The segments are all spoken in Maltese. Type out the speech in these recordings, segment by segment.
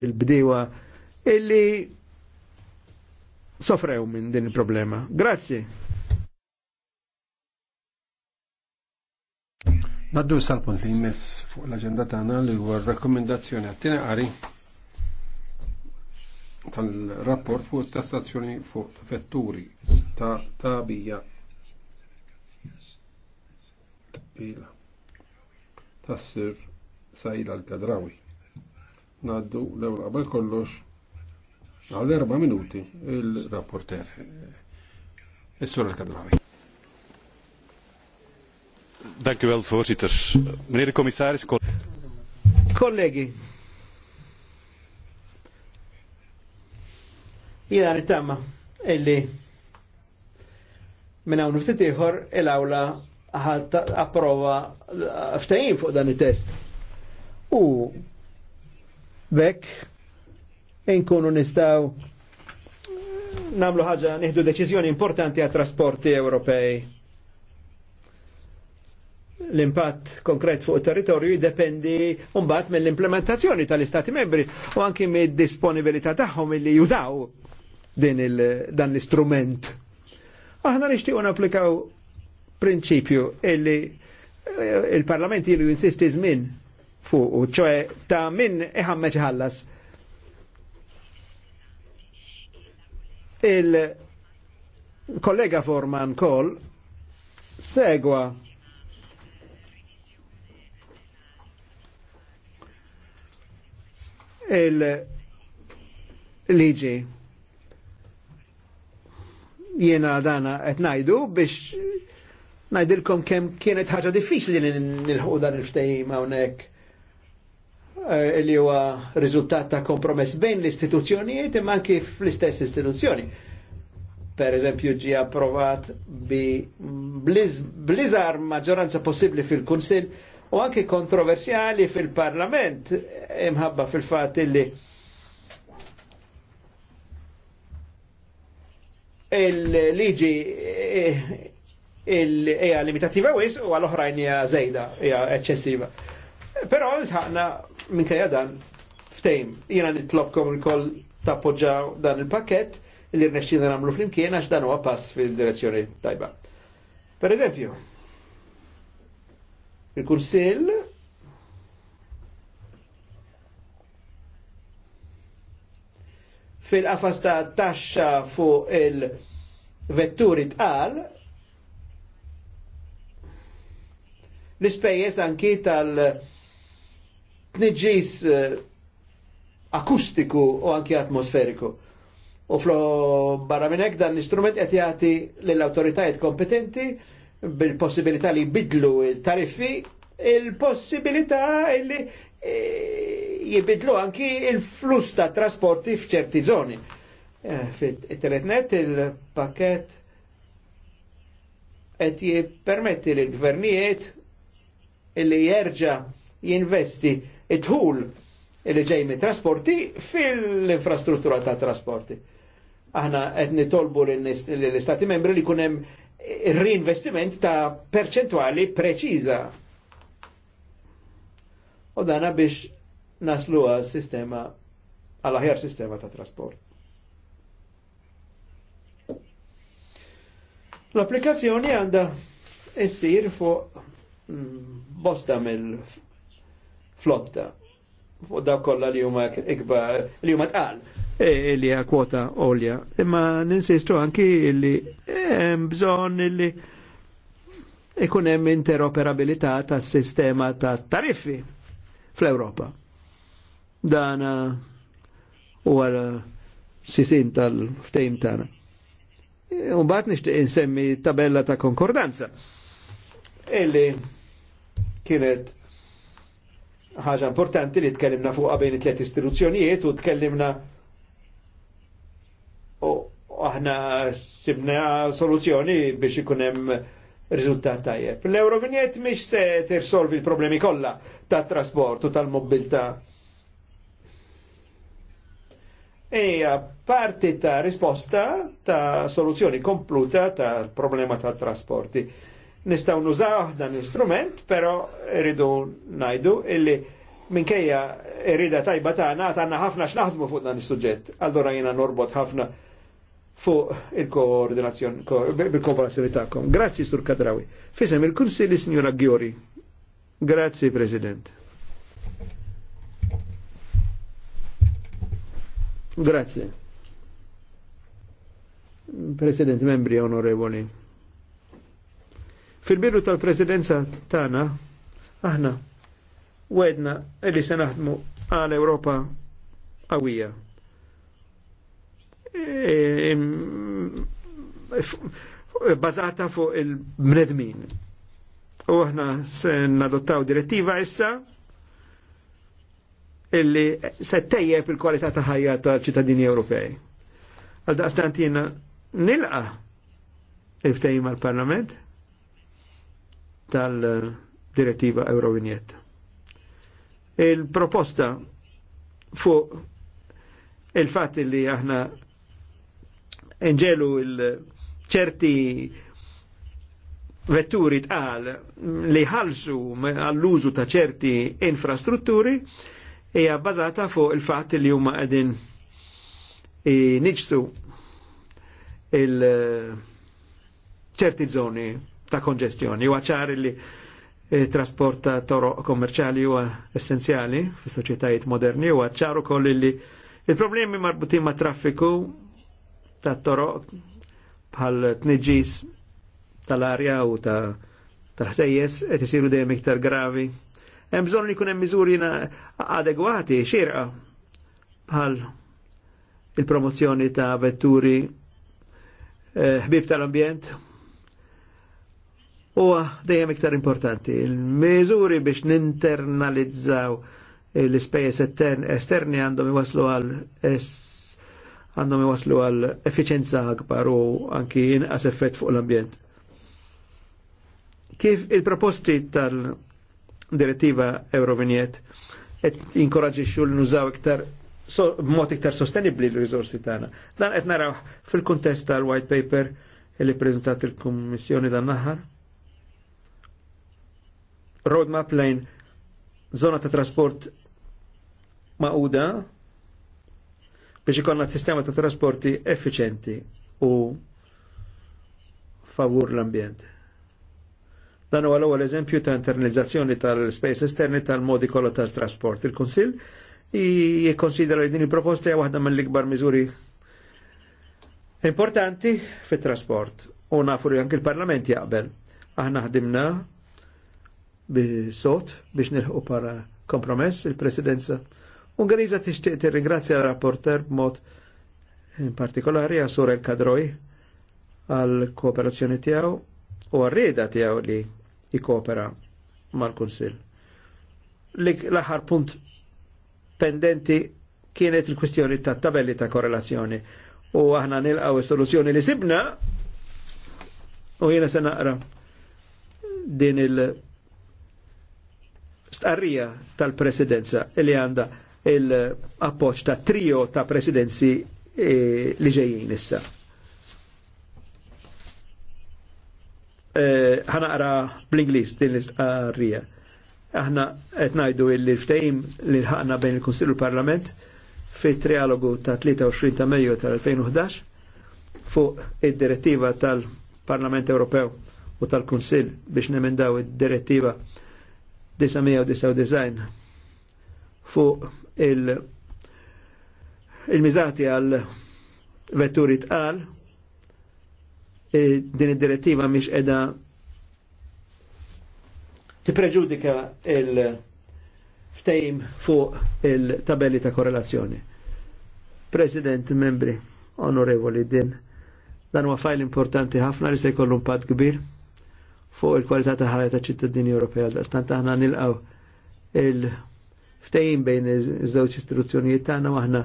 il-bdewa illi sofrew minn din il-problema. Grazzi. Naddu sal-punt li jmess fuq l-agenda tagħna li huwa rakkomendazzjoni għat-tieni qari tal-rapport fuq tassazzjoni fuq vetturi ta' tabija tas tassir sajla l-kadrawi naddu l-ewwel qabel kollox għal erba' minuti il-rapporter. Is-sur kadrawi Dank u wel, voorzitter. Meneer de commissaris, kollegi. Jena nittama illi minna unu ftit iħor il-awla approva ftajin fuq dan il-test. U Bekk inkunu nistaw namlu ħaġa nieħdu deċiżjoni importanti għat trasporti Ewropej. L-impatt konkret fuq il-territorju jiddependi mbagħad mill-implementazzjoni tal-Istati membri u anki mid-disponibilità tagħhom li jużaw din il, dan l-istrument. Aħna nixtiequ napplikaw prinċipju illi eh, il-Parlament ilu jinsisti żmien fuq, ċoħe ta' min iħammeċ ħallas. Il-kollega Forman Kol segwa il-liġi Jiena dana qed ngħidu biex ngħidilkom kemm kienet ħaġa diffiċli nilħu dan il-ftehim hawnhekk Eh, li huwa riżultat ta' kompromess bejn l-istituzzjonijiet imma anki fl-istess istituzzjoni. Per eżempju ġi approvat bi bliżar maġġoranza possibbli fil-Kunsill u anki kontroversjali fil-Parlament imħabba fil-fatt illi il-liġi eh, il-eja limitativa wis u għal-oħrajn hija zejda, hija eċċessiva. Però l-ħakna minkajja dan ftejm, jena nitlobkom il-koll tappoġġaw dan il-pakket li rnexxina namlu flimkien għax dan huwa pass fil-direzzjoni tajba. Per eżempju, il-Kunsill fil-qafas ta' taxxa fuq il-vetturi tqal l-ispejjeż anki tal- tniġis eh, akustiku u anki atmosferiku. U flo barra minnek dan l-istrument qed jagħti lill-awtoritajiet kompetenti bil-possibilità li jbidlu il-tariffi, il-possibilità li eh, jibidlu anki il-flus ta' trasporti f'ċerti zoni. Eh, Fit-teletnet il-pakket qed jippermetti l-gvernijiet li jerġa' jinvesti idħul li ġej mit trasporti fil-infrastruttura ta' trasporti. Aħna qed nitolbu l-Istati membri li kunem reinvestiment ta' perċentwali preċiża. U dana biex naslu għal sistema għal aħjar sistema ta' trasport. L-applikazzjoni għandha issir fuq mm, bosta mill flotta fuq daw kollha li huma ikbar li huma tqal e, li hija kwota olja. Imma ninsistu anki li hemm bżonn li ikun hemm interoperabilità tas-sistema ta' tariffi fl-Ewropa. u huwa sisin tal-ftejm tagħna. Umbagħad nixtieq insemmi tabella ta' konkordanza illi kienet ħaġa importanti li tkellimna fuqha bejn it-tliet istituzzjonijiet u tkellimna u aħna sibna soluzzjoni biex ikun hemm riżultat tajjeb. L-Eurovinjet mhix se tirsolvi l-problemi kollha tat-trasport u tal-mobilità. Eja parti ta' risposta ta' soluzzjoni kompluta tal problema tat trasporti nistaw nużaw dan l-istrument, pero rridu najdu illi minkejja rrida tajba tagħna għandna ħafna x'naħdmu fuq dan il suġġett Allora jiena norbot ħafna fuq il-koordinazzjoni bil-kooperazzjoni tagħkom. Grazzi Sur Kadrawi. Fisem il-Kunsilli Signora Gjori. Grazzi President. Grazie. President membri onorevoli fil bidu tal-presidenza tana, aħna wedna illi se naħdmu għal Ewropa qawwija. E, e, bazata fuq il-bnedmin. U aħna se nadottaw direttiva issa illi se tejjeb il-kwalità ta' ħajja tal-ċittadini Ewropej. Għal daqstantina nilqa il-ftejim għal-parlament, tal-direttiva Eurovignet. Il-proposta fu il-fat li aħna enġelu il-ċerti vetturi tqal li ħalsu għall-użu ta' ċerti infrastrutturi hija bbażata fuq il-fatt li huma qegħdin niġsu il ċerti zoni ta' konġestjoni. Huwa ċar li eh, trasport toro kommerċali huwa essenzjali fi soċietajiet moderni, u ċar ukoll li il-problemi marbutin ma' traffiku ta' toro bħal tniġis tal-arja u ta' tal-ħsejjes et isiru dejjem iktar gravi. Hemm bżonn li jkun hemm miżuri adegwati xirqa bħal il-promozzjoni ta' vetturi eh, ħbib tal-ambjent huwa dejjem iktar importanti. Il-miżuri biex ninternalizzaw l-ispejjeż esterni għandhom iwaslu għal għandhom iwaslu għal effiċenza akbar u anki inqas effett fuq l-ambjent. Kif il-proposti tal-direttiva Eurovignet qed jinkoraġixxu l nużaw iktar so, b'mod iktar sostenibli l rizorsi tagħna. Dan qed naraw fil-kuntest tal-white paper li preżentat il-Kummissjoni dan naħar roadmap lejn zona ta' trasport maquda biex ikonna sistema ta' trasporti effiċenti u favur l-ambjent. Dan huwa l-ewwel eżempju ta' internalizzazzjoni tal-space esterni tal-modi kollha tal-trasport. Il-Kunsill jikkonsidera li din il-proposta hija waħda mill-ikbar miżuri importanti fit-trasport. U nafu li anke il-Parlament jaqbel. Aħna ħdimna bisot biex nilħu para kompromess il-presidenza. Ungariza tixtieq tirringrazzja rapporter b'mod partikolari għal Sur El-Kadroj għal kooperazzjoni tiegħu u għarrieda tiegħu li jikopera mal-Kunsill. L-aħħar punt pendenti kienet il-kwistjoni ta' tabelli ta' korrelazzjoni u aħna nilqaw is-soluzzjoni li sibna u jiena se naqra din il- starrija tal-presidenza li għanda il-appoċ ta' trio ta' presidenzi e, li ġejjin issa. E, ħanaqra e, bl-Inglis din l-istqarrija. Aħna qed ngħidu l-ftehim li ħaqna bejn il konsilju u l-Parlament fit trialogu ta' 23 ta' Mejju tal-2011 fuq id-direttiva tal-Parlament Ewropew u tal-Kunsill biex nemendaw id-direttiva 1999 fuq il- il-mizati għal vetturi tqal e din id-direttiva mhix qiegħda tipreġudika il-ftejm fuq il-tabelli ta' korrelazzjoni. President, membri, onorevoli din, dan huwa fajl importanti ħafna li se jkollu impatt kbir fuq il-kwalità ta' ħajja ta' ċittadini Ewropea. Stant aħna nilqgħu il ftehim bejn iż-żewġ istituzzjonijiet tagħna aħna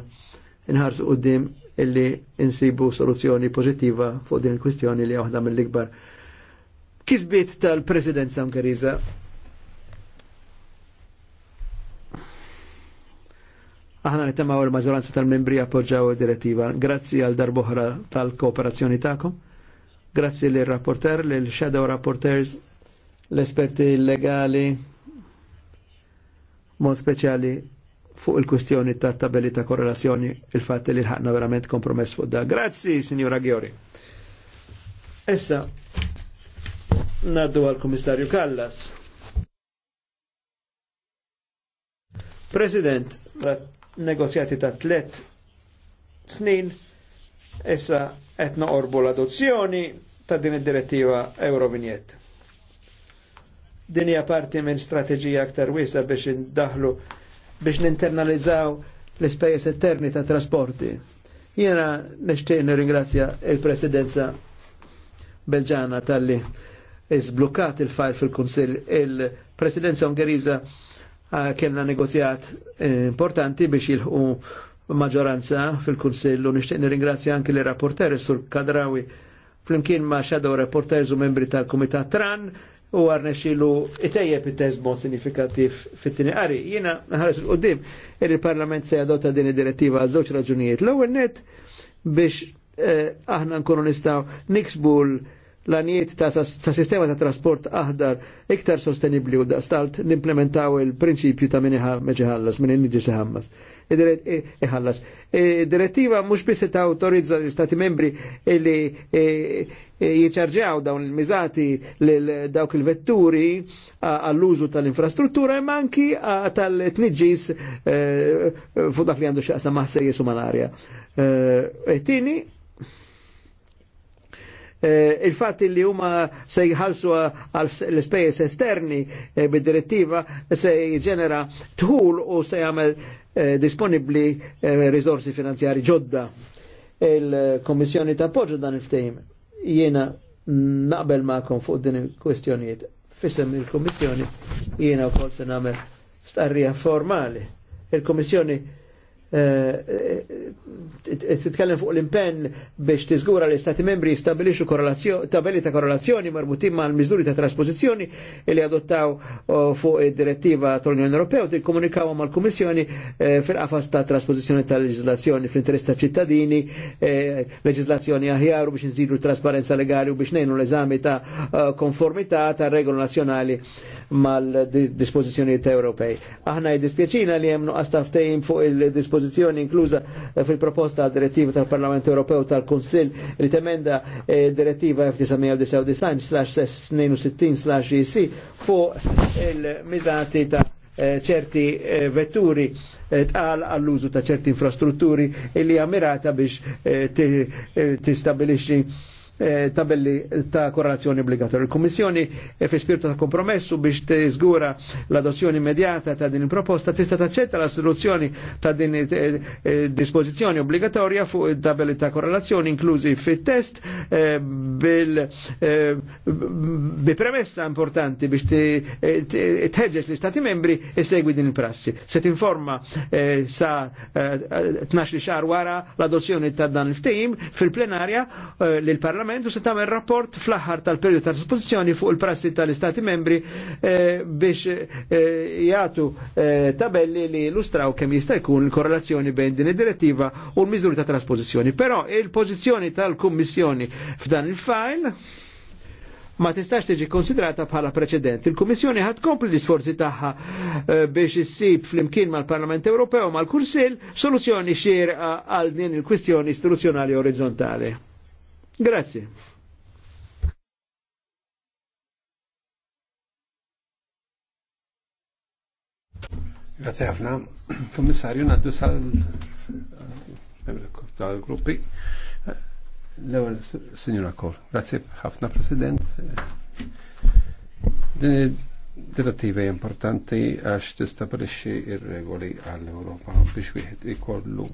nħarsu qudiem illi insibu soluzzjoni pożittiva fuq din il-kwistjoni li waħda mill-ikbar kisbiet tal-Presidenza Mkariza. Aħna nittemaw il-maġġoranza tal-membri appoġġaw id-direttiva. Grazzi għal darboħra tal-kooperazzjoni tagħkom. Grazzi lil rapporter lil shadow rapporters, l-esperti legali, mod speċjali fuq il-kwestjoni ta' tabelli ta' korrelazzjoni il-fatt li l-ħakna verament kompromess fuq da. Grazzi, signora Gheori. Essa, naddu għal-Komissarju Kallas. President, negozjati ta' tlet snin, essa qed noqorbu l-adozzjoni ta' din id-direttiva Eurovignet. Din hija parti minn strateġija aktar wiesa biex indaħlu biex ninternalizzaw l-ispejjeż eterni ta' trasporti. Jiena nixtieq nirringrazzja il-Presidenza Belġana tal-li iżblukkat il-fajl fil-Kunsill il-Presidenza Ungheriża eh, kellna negozjat eh, importanti biex jilħu maġoranza fil kunsillu nishtiq nixtieq nirringrazzja anki l rapporteri sur Kadrawi flimkien ma' shadow reporters u membri tal-Kumitat Tran u għarnexilu itejjeb it-test bon sinifikativ fit-tini qari. Jina ħares il-qoddim il-Parlament se jadota din id-direttiva għal raġunijiet. L-ewwel net biex eh, aħna nkunu nistaw niksbu l- l-anijiet ta', sistema ta' trasport aħdar iktar sostenibli u daqstalt nimplementaw il-prinċipju ta' minn meġiħallas, minn inniġi seħammas. Iħallas. Direttiva mux biss ta' autorizza l-Stati membri li jieċarġaw dawn il-mizati l dawk il-vetturi għall-użu tal-infrastruttura imma anki tal-tniġis eh, fuq dak li għandu xaqsa mal-arja. Eh, e tini, Eh, Il-fatt li huma se jħalsu l-ispejjeż esterni eh, bid-direttiva se jġenera tħul u se jagħmel eh, disponibbli risorsi finanzjari ġodda. Il-Kommissjoni ta' poġġa dan il-ftehim jiena naqbel ma'kom fuq din il-kwestjonijiet. Fisem il-Kommissjoni jiena wkoll se nagħmel starrija formali. Il-Kommissjoni Eh, eh, eh, titkellem fuq l-impenn biex tiżgura li stati membri jistabilixu tabelli ta' korrelazzjoni marbutin ma' l-miżuri ta' trasposizjoni li adottaw fuq id-direttiva tal-Unjoni Ewropea u tikkomunikaw mal kummissjoni fil-qafas ta' trasposizjoni ta' leġislazzjoni fl-interess ta' ċittadini, leġislazzjoni aħjar biex nżidu trasparenza legali u biex nejnu l-eżami ta' konformità ta' regoli nazzjonali mal-dispożizzjonijiet Ewropej. Aħna jiddispjaċina li hemm nuqqas fuq il-dispożizzjoni dispożizzjoni inkluża eh, fil-proposta direttiva tal-Parlament Ewropew tal-Kunsill li temenda eh, direttiva F1999/62/EC fuq il-miżati ta' eh, ċerti vetturi tqal għall-użu ta' ċerti infrastrutturi li hija biex biex tistabilixxi Eh, tabelli ta' korrelazzjoni obbligatorja. Il-Kummissjoni eh, fi spirtu ta' kompromessu biex tiżgura l-adozzjoni immedjata ta' din il-proposta tista' taċċetta la soluzzjoni ta' din eh, dispożizzjoni obbligatorja fuq tabelli ta' korrelazzjoni inklużi fit-test bi premessa importanti biex tħeġġeġ li stati membri e segwi din il-prassi. Se tinforma sa' 12 xar wara l-adozzjoni ta' dan il ftim fil-plenarja l-Parlament parlamentu se tagħmel rapport fl-aħħar tal-perjodu ta' disposizjoni fuq il-prassi tal-Istati membri eh, biex eh, jagħtu eh, tabelli li illustraw kemm jista' jkun il-korrelazzjoni bejn din id-direttiva u l-miżuri ta' trasposizzjoni. Però il-pożizzjoni tal-Kummissjoni f'dan il-file ma tistax tiġi konsidrata bħala preċedent. Il-Kummissjoni ħad kompli l-isforzi tagħha biex issib flimkien mal-Parlament Ewropew mal-Kursil soluzzjoni xierqa għal din il-kwistjoni istituzzjonali orizzontali. Grazie. Grazie ħafna. Kommissarju, naddu sal tal gruppi. L-ewel, signora Kol. Grazie ħafna, President. Direttiva importanti għax tistabilixxi ir-regoli għall-Ewropa biex wieħed ikollu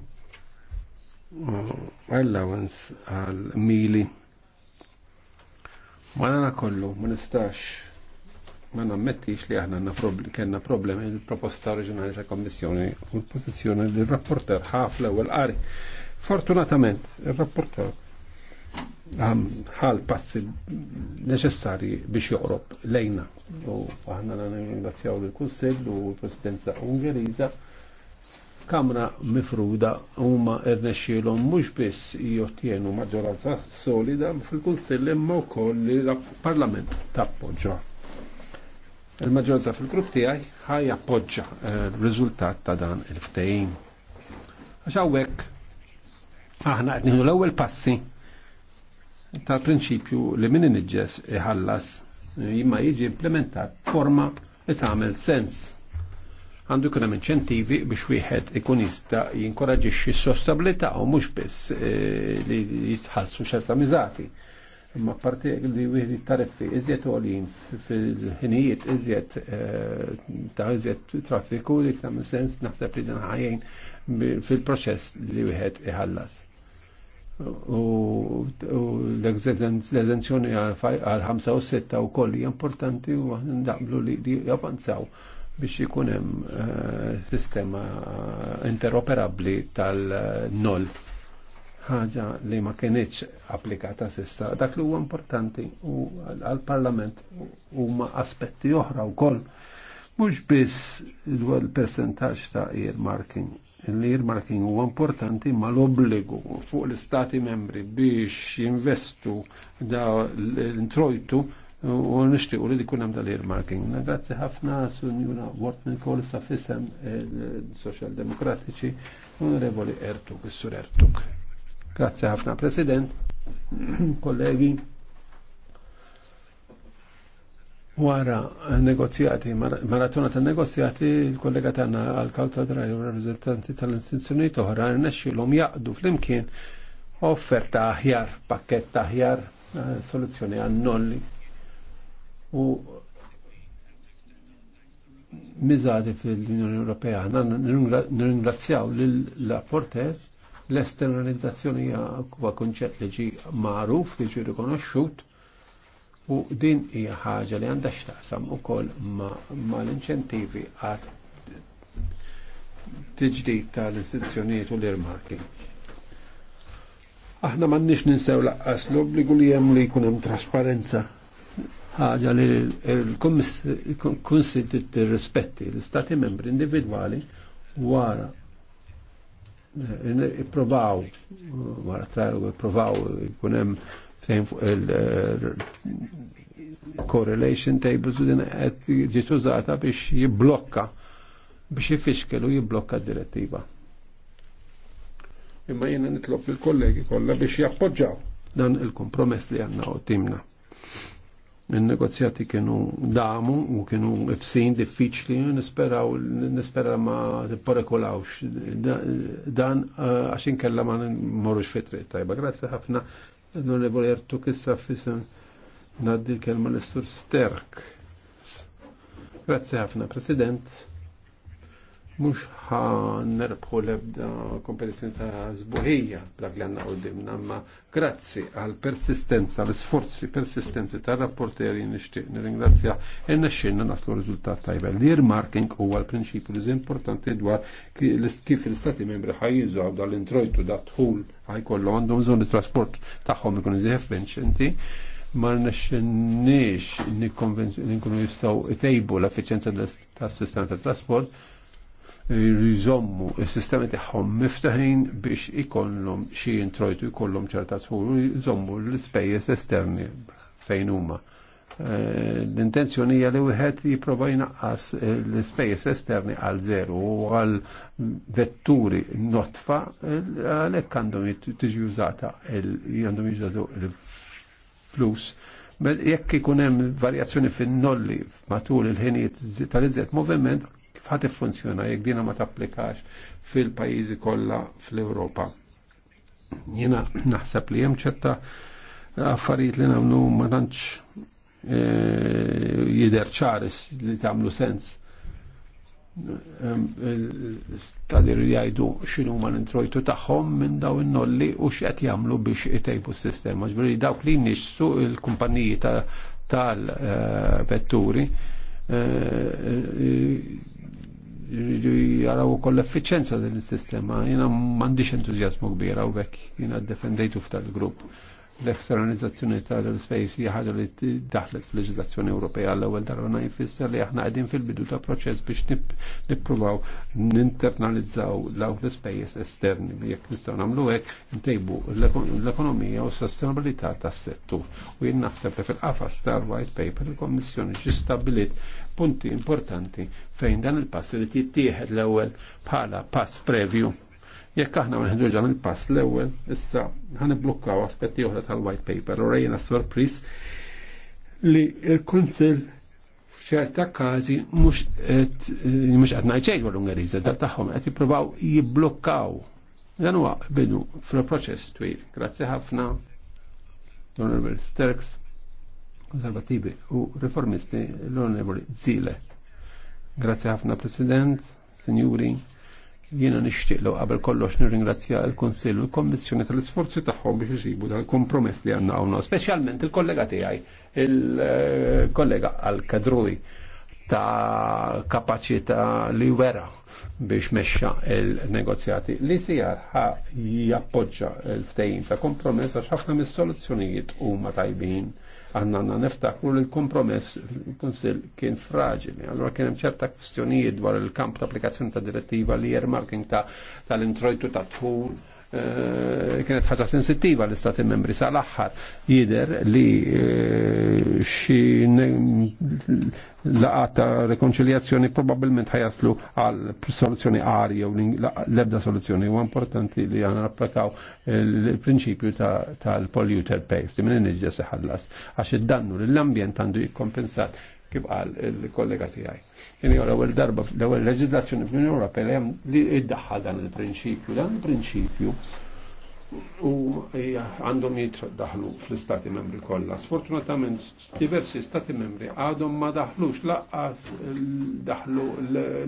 allowance għal mili. Ma nana kollu, ma nistax ma nammettix li aħna kena problemi il-proposta oriġinali ta' kommissjoni u l-pozizjoni li rapporter ħafla u l-qari. Fortunatament, il-rapporter ħal passi neċessari biex joqrob lejna. U għanna aħna ringrazzjaw l-Kunsill u l-Presidenza ungeriza. Kamra mifruda huma rnexxielhom mhux biss jottienu maġġoranza solida fil-Kunsill imma wkoll li l-Parlament tappoġġa. Il-maġġoranza fil-grupp tiegħi ħaj appoġġa eh, r-riżultat ta' dan il-ftehim. Għax hawnhekk aħna qed l-ewwel passi tal-prinċipju li min inġess iħallas imma jiġi implementat forma li tagħmel sens għandu jkun hemm inċentivi biex wieħed ikun jista' jinkoraġixxi s-sostabilità u mhux biss eh, li jitħassu xerta miżati. Imma parti li wieħed tariffi iżjed għolin fil-ħinijiet iżjed eh, ta' iżjed traffiku li tagħmel sens naħseb li dan ħajjin fil-proċess li wieħed iħallas u l-eżenzjoni għal 5 u 6 u koll importanti u għandaqblu li japanzaw biex ikun hemm eh, sistema eh, interoperabbli tal-nol ħaġa li ma kienieċ applikata sissa. Dak li huwa importanti u għal-Parlament huma aspetti oħra wkoll mhux biss dwar il-percentaġġ ta' earmarking. L-earmarking huwa importanti ma l-obbligu fuq l-Istati membri biex jinvestu da l-introjtu u u li dikun hemm tal-earmarking. Nagrazzi ħafna Sunjuna Wortman Kohl sa fissem il-Social eh, Demokratiċi Onorevoli Ertuk, sur Ertuk. Grazzi ħafna President, kollegi. Wara negozjati, maratona ta' negozjati, il-kollega tagħna għal-kawta drajju u rappresentanti tal-istituzzjonijiet oħra l-om jaqdu flimkien offerta aħjar, pakkett aħjar, eh, soluzzjoni għannolli u miżati fil-Unjoni Ewropea. Nirringrazzjaw lill-rapporter l-esternalizzazzjoni huwa kunċett li ġi magħruf li ġi rikonoxxut u din hija ħaġa li għandha x'taqsam ukoll ma' l-inċentivi għad tiġdid tal-istituzzjonijiet u l-irmarki. Aħna m'għandniex ninsew laqqas l-obbligu li hemm li jkun hemm trasparenza ħaġa li l-Kunsil rispetti l-Stati membri individwali wara ipprovaw eh, wara tralu ipprovaw jkun hemm fejn il-correlation eh, tables u din qed biex jiblokka biex jifiskelu jiblokka direttiva Imma jiena nitlob il kollegi kollha biex jappoġġaw dan il-kompromess li għanna u timna. Il-negozjati kienu damu u kienu fsin diffiċli, nisperaw, nispera ma t-porekolawx dan eh, għaxin kella ma morrux fitri. Tajba, grazzi ħafna l-onorevoli Ertu kissa fisem naddi kelma l-istur sterk. Grazzi ħafna, President mux ħan nerbħu lebda kompetizjoni ta' zbuħija bla għanna u dimna, ma grazzi għal persistenza, l sforzi persistenti ta' rapporteri nishtiq nir-ingrazzja enna xinna naslu rizultat tajba. L-earmarking u għal prinċipju li importanti dwar kif l-stati membri ħajjiżaw dal-introjtu da' tħul ħajkollu mżon zoni trasport taħħom ikun iżi efficienti ma nxennix nikonvenzjoni jistaw tejbu l-efficienza tas sistema ta' trasport jżommu il-sistemi tagħhom miftaħin biex ikollhom xi introjtu jkollhom ċerta tħur u jżommu l-ispejjeż esterni fejn huma. Eh, l-intenzjoni hija li wieħed jipprova jnaqqas l-ispejjeż esterni għal zero u għal vetturi notfa għalhekk għandhom tiġi użata għandhom jużaw il-flus jekk ikun hemm varjazzjoni fin-nolli matul il-ħinijiet tal-iżjed moviment kif funzjona jekk dina ma tapplikax fil-pajjiżi kollha fl-Ewropa. Jiena naħseb li hemm ċerta affarijiet li nagħmlu ma tantx e, jider ċaris li tagħmlu sens e, Stadir li jgħidu xinu ma l-introjtu taħħom minn daw innolli u xqed jagħmlu biex itejbu s-sistema. Ġveri dawk li nixsu il kumpanijiet tal-vetturi ta e, jridu jaraw ukoll l-effiċenza din is-sistema. Jiena m'għandix entużjażmu kbira u bekk jiena ddefendejtu f'tal-grupp l-eksternalizzazzjoni tal-space hija ħaġa li daħlet fil leġizzazzjoni Ewropea l-ewwel darba jfisser li aħna qegħdin fil-bidu ta' proċess biex nippruvaw ninternalizzaw law l-ispejjeż esterni li jekk nistgħu nagħmlu hekk intejbu l-ekonomija u s-sostenabilità tas-settur. U jien naħseb li fil-qafas tal-white paper il-Kommissjoni ġi stabbilit punti importanti fejn dan il-pass li tittieħed l-ewwel bħala pass prevju Jekk aħna ma nħedġu ġan il-pass l-ewwel, issa ħaniblukkaw aspetti oħra tal-white paper u rejna sorpris li l-Kunsill f'ċerta każi mhux qed mhux qed ngħid xejn l-Ungeriża dar tagħhom qed jippruvaw jibblukkaw. Dan huwa bidu fil-proċess twil. Grazzi ħafna, l Honorable Sterks, konservativi u riformisti l-Onorevoli Zile. Grazzi ħafna President, Signuri. Jiena nixtieqlu qabel kollox nirringrazzja l-Kunsill u l-Kommissjoni tal-isforzi tagħhom biex iġibu il kompromess li għandna hawnna, speċjalment il-kollega tiegħi, il-kollega għal kadruj ta' kapaċità li wera biex mexxa il-negozjati. Li sijar ħaf jappoġġa l ftejn ta' kompromess għax ħafna mis-soluzzjonijiet huma tajbin Għanna għanna niftakru li l-kompromess fil-Konsil kien fraġili. Allora kien hemm ċerta kwestjonijiet dwar il-kamp ta' applikazzjoni ta' direttiva li jermarking ta' tal-introjtu ta' tħul kienet ħaġa sensittiva l-istati membri sa l axħar jider li eh, xi laqat ta' rekonciliazzjoni probabilment ħajaslu għal soluzzjoni għari jew l-ebda soluzzjoni u importanti li għana rapplakaw il-prinċipju tal-polluter pays, di minn nġġa seħallas, għax id-dannu l-ambjent għandu jikkompensat kif qal il-kollega tiegħi. Jien l-ewwel darba l-ewwel leġiżlazzjoni fl-Unjoni Ewropea hemm li iddaħħal dan il-prinċipju, dan il-prinċipju u għandhom jitdaħlu fl-istati membri kollha. Sfortunatament diversi stati membri għadhom ma daħlux laqqas daħlu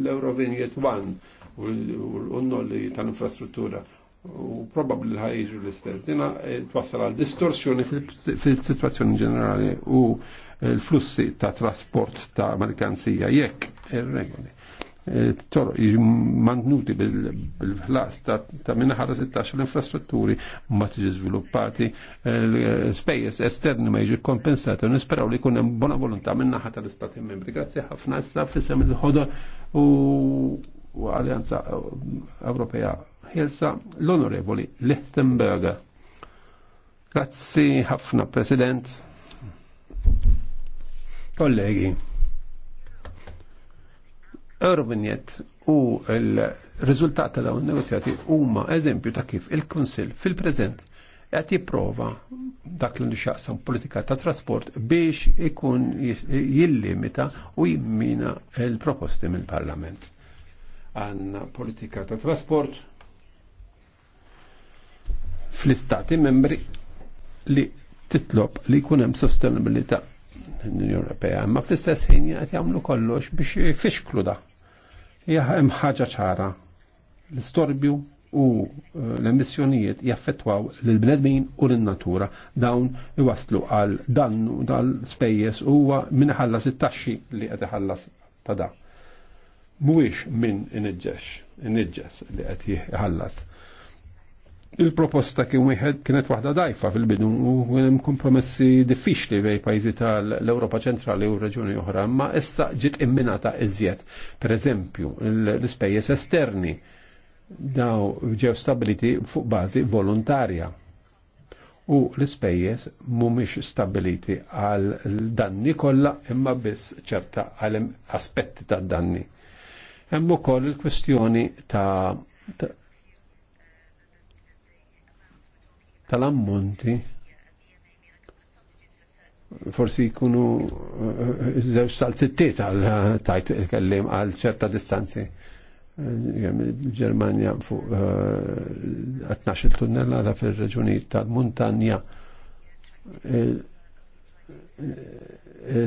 l-Eurovinjet 1 u l-unnolli tal-infrastruttura u probabli ħajġu l-istess. Dina eh, twassal għal distorsjoni fil-situazzjoni ġenerali u eh, l-flussi ta' trasport ta' merkanzija jekk ir-regoli. Eh, toro mandnuti bil-ħlas ta' minnaħara 16 l-infrastrutturi ma tiġi sviluppati, spejjes esterni ma jiġi kompensati, nisperaw li kunem bona volontà minnaħa tal-Istati membri. Grazie ħafna, s-saf il-ħodor u għaljanza Ewropea jelsa l-Onorevoli Lichtenberger. Grazzi ħafna, President. Kollegi, Erwinjet u l-rizultat ta' dawn negozjati huma eżempju ta' kif il-Kunsill fil-preżent qed jipprova dak li xaqsam politika ta' trasport biex ikun jillimita u jimmina l proposti mill-Parlament. Għanna politika ta' trasport fl-istati membri li titlob li jkun hemm sostenibilità l-Unjoni Ewropea, imma fl-istess ħin qed jagħmlu kollox biex jfixklu da. Hija hemm ħaġa ċara. L-istorbju u eh, l-emissjonijiet jaffettwaw lill-bnedmin u lin-natura dawn iwaslu għal dannu spejjes spejjeż huwa min ħallas it-taxxi li qed iħallas ta' da. Mhuwiex min inġex, inġess li qed jħallas il-proposta kien wieħed kienet waħda dajfa fil-bidu u hemm kompromessi diffiċli bej pajjiżi tal-Ewropa ċentrali u reġuni oħra, ma issa ġiet imminata iżjed. Pereżempju, l-ispejjeż esterni daw ġew stabiliti fuq bażi volontarja. U l-ispejjeż mhumiex stabiliti għal danni kollha imma biss ċerta għal aspetti tad-danni. Hemm ukoll il-kwestjoni ta' tal-ammonti forsi jkunu eh, eh, zewġ salzittiet għal tajt il-kellim għal ċerta distanzi. Ġermanja eh, fuq 12 tunnellata fil-reġuni tal muntanja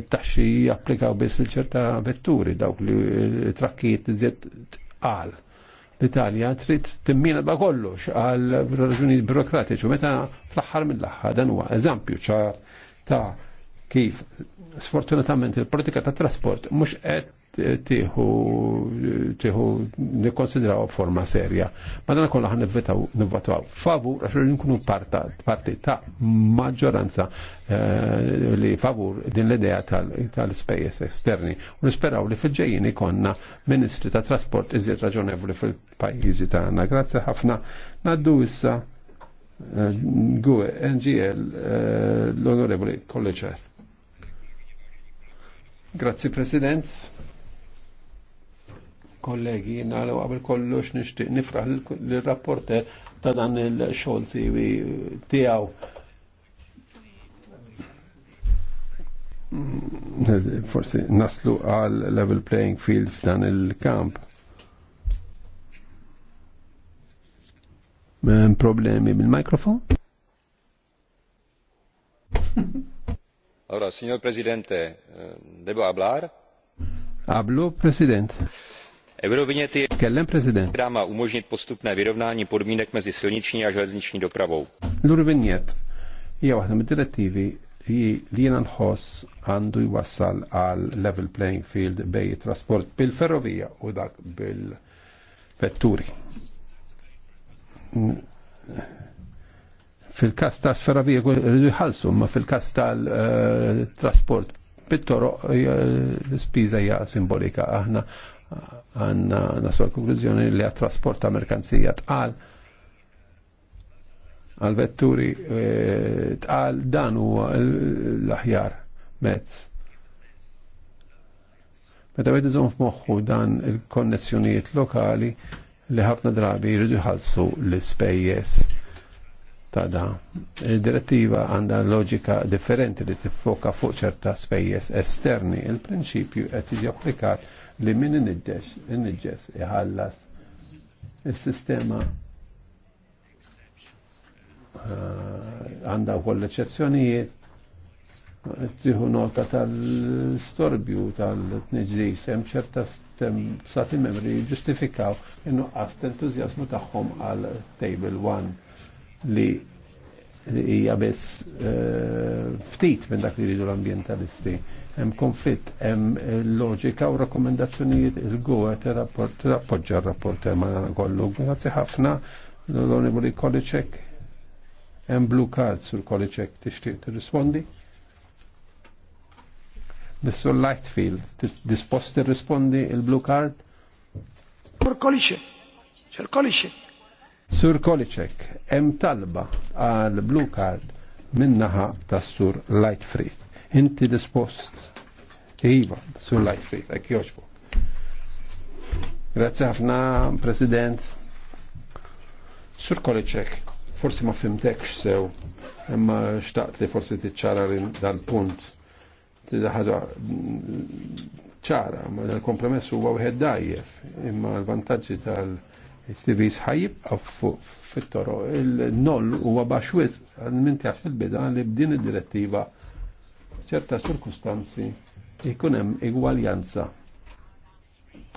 taxxi japplikaw biss il-ċerta vetturi dawk li trakkijiet iżjed tqal l-Italja trid timmina ba' kollox għal raġuni birokratiċi u meta fl-aħħar mill-aħħar dan huwa eżempju ċar ta' kif sfortunatament il-politika ta' trasport mhux qed tiħu tiħu nikonsidraw forma serja. Ma dan kollha ħan nivvataw favur għax nkunu parti ta' maġġoranza eh, li favur din l-idea tal spejjes esterni. U nisperaw li fil-ġejjin ikonna Ministri ta' Trasport iżjed raġonevoli fil-pajjiżi tagħna. Grazzi ħafna. Naddu issa eh, Gwe, NGL, eh, l-onorevoli kolleċer. Grazie President kollegi, nalaw għabel kollox nishtiq nifraħ l-rapporter ta' dan il xolzi siwi tijaw. Mm, forsi naslu għal level playing field f'dan il-kamp. Problemi bil-mikrofon? Allora, signor Presidente, eh, devo hablar? Hablo, Presidente. Eurovinět Kellem prezident. Dáma umožnit postupné vyrovnání podmínek mezi silniční a železniční dopravou. Eurovinět je vahna mid-direttivi li jena nħoss għandu jwassal għal level playing field bej trasport bil-ferrovija u dak bil-vetturi. Fil-kas ta' ferrovija rridu jħalsu, eh, ma fil-kas tal-trasport eh, bit-toro l eh, spiza hija simbolika aħna għanna nasol konklużjoni li għat trasport ta' merkanzija tqal għal vetturi e, tqal dan huwa l-aħjar mezz. Meta bħed iżom f'moħħu dan il-konnessjonijiet lokali li ħafna drabi jridu jħallsu l-spejjes ta' da. Il-direttiva għandha loġika differenti li tiffoka fuq ċerta spejjes esterni. Il-prinċipju qed jiġi applikat li min inġess iħallas il-sistema eh, għanda u l-eċezzjonijiet tiħu nota tal-storbju tal-tniġdis hemm ċerta sati memri ġustifikaw in-nuqqas entużjażmu tagħhom għal Table One li hija biss eh, ftit minn dak li jridu l-ambjentalisti hemm konflitt, hemm eh, loġika u rakkomendazzjonijiet il-gowet rapport appoġġa r-rapport ma kollu. Grazzi ħafna l-Onorevoli Kolicek. Hemm blue card Sur Kolicek tixtieq tirrispondi? Mr. Lightfield, disposti rispondi il-blue card? Sur Kolicek. Sur Kolicek. Sur Kolicek, hemm talba għal blue card minnaħa tas-sur Lightfield. Inti dispost. Iva, life lajfrit, ek joċbu Grazie għafna President. Sur koliċek forsi ma fimtekx sew, imma xtaqt li forsi tiċċara dal-punt. Tidaħadu mm, ċara, ma dal kompromessu huwa wieħed dajjef, imma l-vantaġġi tal-TVs ħajib għaffu fit-toro. Il-noll huwa baxwiet minn taf fil-bida li b'din id-direttiva ċerta sirkustanzi jkun hemm igwaljanza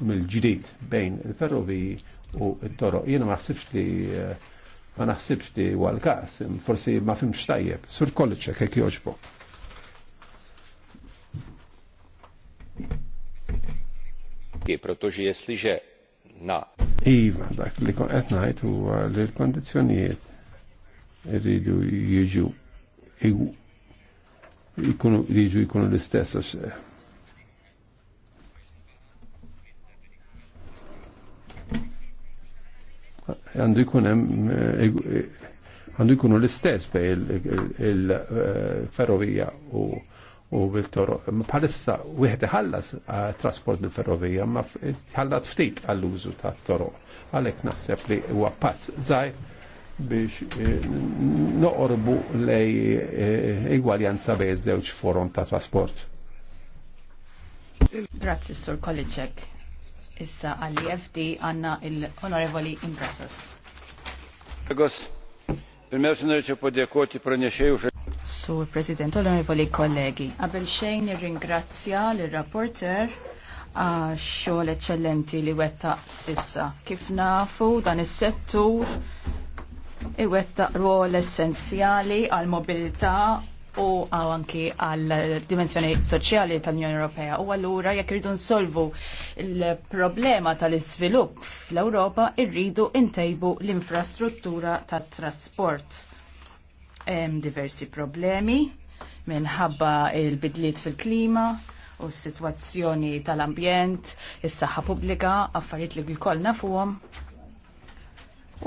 mill-ġdid bejn il-ferroviji u t-toroq. Jiena ma naħsibx li eh, ma naħsibx li għal każ, forsi ma fimx tajjeb. Sur kolliċċa kek joġbu. Protoġi jesliġe na. Iva, dak li kon etnajt u li l-kondizzjonijiet irridu jiġu jkunu jiġu jkunu l-istess għax. Eh. Għandu jkun hemm eh, eh, għandu jkunu l-istess bej il-ferrovija u u bil-toro. Palissa, wieħed ħallas trasport bil-ferrovija, ma ħallas ftit għall-użu ta' toro Għalhekk naħseb li huwa pass zaħir biex eh, noqorbu lej eh, igwaljanza bej żewġ forum ta' trasport. Grazzi, Sur Kolicek. Issa għall-IFD għanna il-Onorevoli Impressas. Għos, Permesso nerġa podjakoti pranjaxeju Sur President, onorevoli kollegi, għabel xejn ringrazzja l-rapporter għax xogħol eċċellenti li wetta sissa. Kif nafu dan is-settur iwettaq ruol essenzjali għal mobilità u anki għal dimensjoni soċjali tal-Unjoni Ewropea. U allura jekk irridu nsolvu l problema tal-iżvilupp fl-Ewropa, irridu ntejbu l-infrastruttura tat-trasport. Hemm diversi problemi minħabba il-bidliet fil-klima, u s-sitwazzjoni tal-ambjent, is-saħħa pubblika, affarijiet li l-koll nafuhom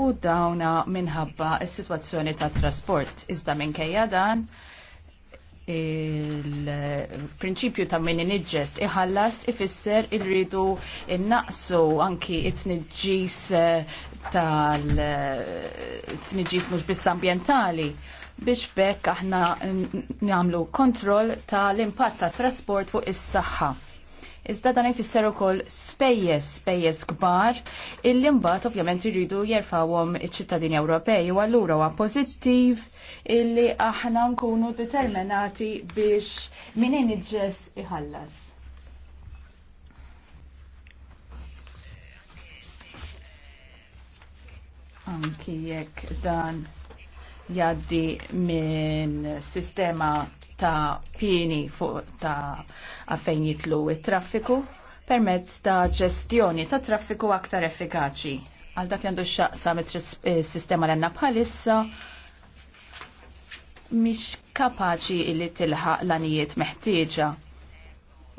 u dawna minħabba s-sitwazzjoni tat trasport. Iżda minkejja dan il-prinċipju ta' min inġess iħallas ifisser irridu innaqsu anki it nġis tal-tniġġis mhux biss ambjentali biex bekk aħna nagħmlu kontroll tal-impatt tat trasport fuq is-saħħa. Iżda dan jfisser ukoll spejjeż spejjeż kbar illi mbagħad ovvjament iridu jerfgħuhom iċ-ċittadini Ewropej u allura huwa pożittiv illi aħna nkunu determinati biex minin iġġess iħallas. Anki jekk dan jaddi minn sistema ta' pieni fuq ta' għafejn jitlu il-traffiku permezz ta' ġestjoni ta' traffiku aktar effikaċi. Għal dak li għandu xaqsa eh, sistema l-għanna bħalissa mish kapaċi illi tilħaq l-anijiet meħtieġa.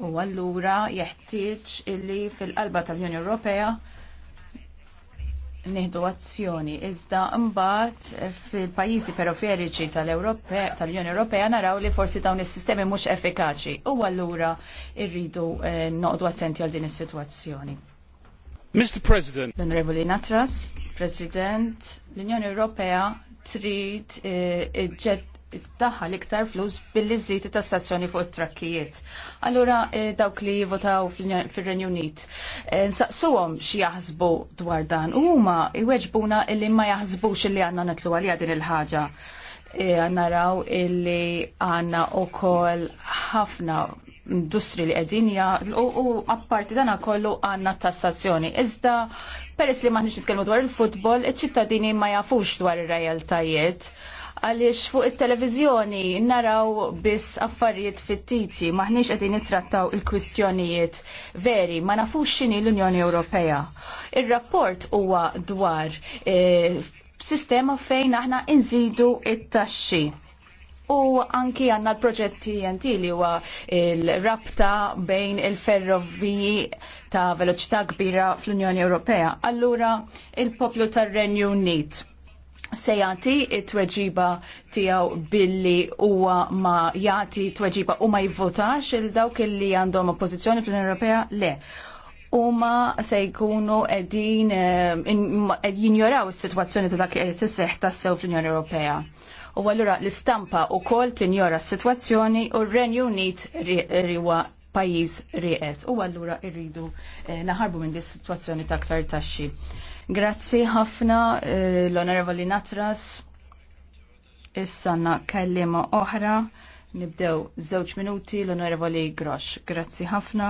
U għallura jeħtieġ illi fil-qalba tal-Unjoni Ewropea nieħdu azzjoni. Iżda mbagħad fil-pajjiżi periferiċi tal-Unjoni Ewropea naraw li forsi dawn is-sistemi mhux effikaċi u allura rridu eh, noqdu attenti għal din is-sitwazzjoni. Mr. President. L-Onorevoli Natras, President, l-Unjoni Ewropea trid eh, iġġed daħħa iktar flus billi żżid ta' stazzjoni fuq it-trakkijiet. Allura eh, dawk li votaw fir-Renju Unit, eh, nsaqsuhom xi jaħsbu dwar dan u huma jweġbuna illi ma jaħsbux illi għandna nitlu għalija din il-ħaġa. Eh, naraw illi għandna wkoll ħafna industri li qegħdin u apparti dana kollu għandna tassazzjoni. Iżda peress li maħniġ nitkellmu dwar il-futbol, iċ-ċittadini ma jafux dwar ir tajiet għaliex fuq it televizjoni naraw biss affarijiet fittizji maħniex qed nittrattaw il-kwistjonijiet veri ma nafux x'inhi l-Unjoni Ewropea. Ir-rapport huwa dwar e, sistema fejn aħna inżidu it-taxxi. U anki għanna l-proġetti li huwa il-rabta bejn il-ferroviji ta' veloċità kbira fl-Unjoni Ewropea. Allura, il-poplu tar-Renju Unit se jagħti t-tweġiba tiegħu billi huwa ma jagħti tweġiba u ma jivvotax il dawk li għandhom oppożizzjoni fl-Unjoni Ewropea le. Huma se jkunu qegħdin eh, jinjoraw is-sitwazzjoni ta' dak li tisseħ tassew fl-Unjoni Ewropea. U allura l-istampa wkoll tinjora s-sitwazzjoni u r-Renju Unit riwa pajjiż rieqed. U allura irridu eh, naħarbu minn dis-sitwazzjoni ta' ktar taxxi. Grazzi ħafna eh, l-Onorevoli Natras. Issa għanna kellima oħra. Nibdew żewġ minuti l-Onorevoli Grosh. Grazzi ħafna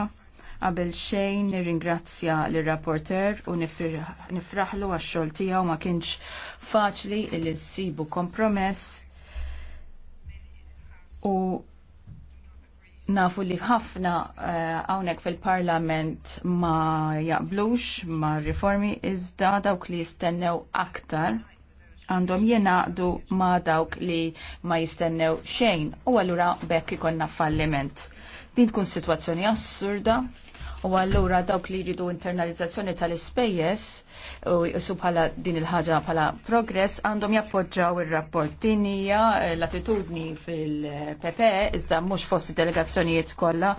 qabel xejn nirringrazzja l rapporter u nifraħlu għax-xogħol tiegħu ma kienx faċli li sibu kompromess u nafu li ħafna eh, hawnhekk uh, fil-parlament ma jaqblux ma riformi iżda dawk li jistennew aktar għandhom jenaqdu ma dawk li ma jistennew xejn u allura bekk ikonna falliment. Din tkun situazzjoni assurda u allura dawk li jridu internalizzazzjoni tal-ispejjeż u bħala din il-ħaġa bħala progress għandhom jappoġġaw ir-rapport din hija eh, l-attitudni fil-PP e, iżda mhux fost delegazzjonijiet kollha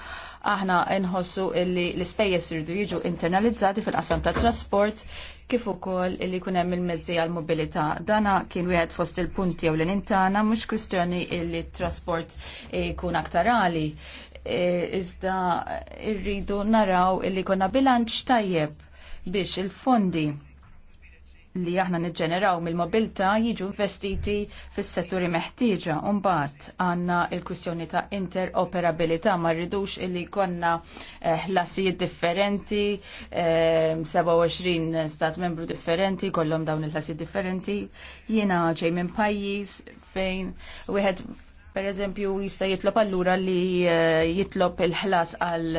aħna nħossu li l-ispejjeż irridu jiġu internalizzati fil-qasam ta' trasport kif ukoll li jkun hemm il-mezzi għal mobilità. Dana kien wieħed fost il-punti jew l-intana mhux kwistjoni li trasport jkun aktar għali. E, iżda rridu naraw illi konna bilanċ tajjeb biex il-fondi li aħna niġġeneraw mill-mobilta jiġu investiti fis-setturi meħtieġa u mbagħad għandna l-kwistjoni ta' interoperabilità ma rridux illi konna eh, ħlasijiet eh, differenti, eh, 27 stat membru differenti, kollom dawn il-ħlasijiet differenti. Jiena ġej minn pajjiż fejn wieħed per eżempju jista' jitlob allura li eh, jitlob il-ħlas għal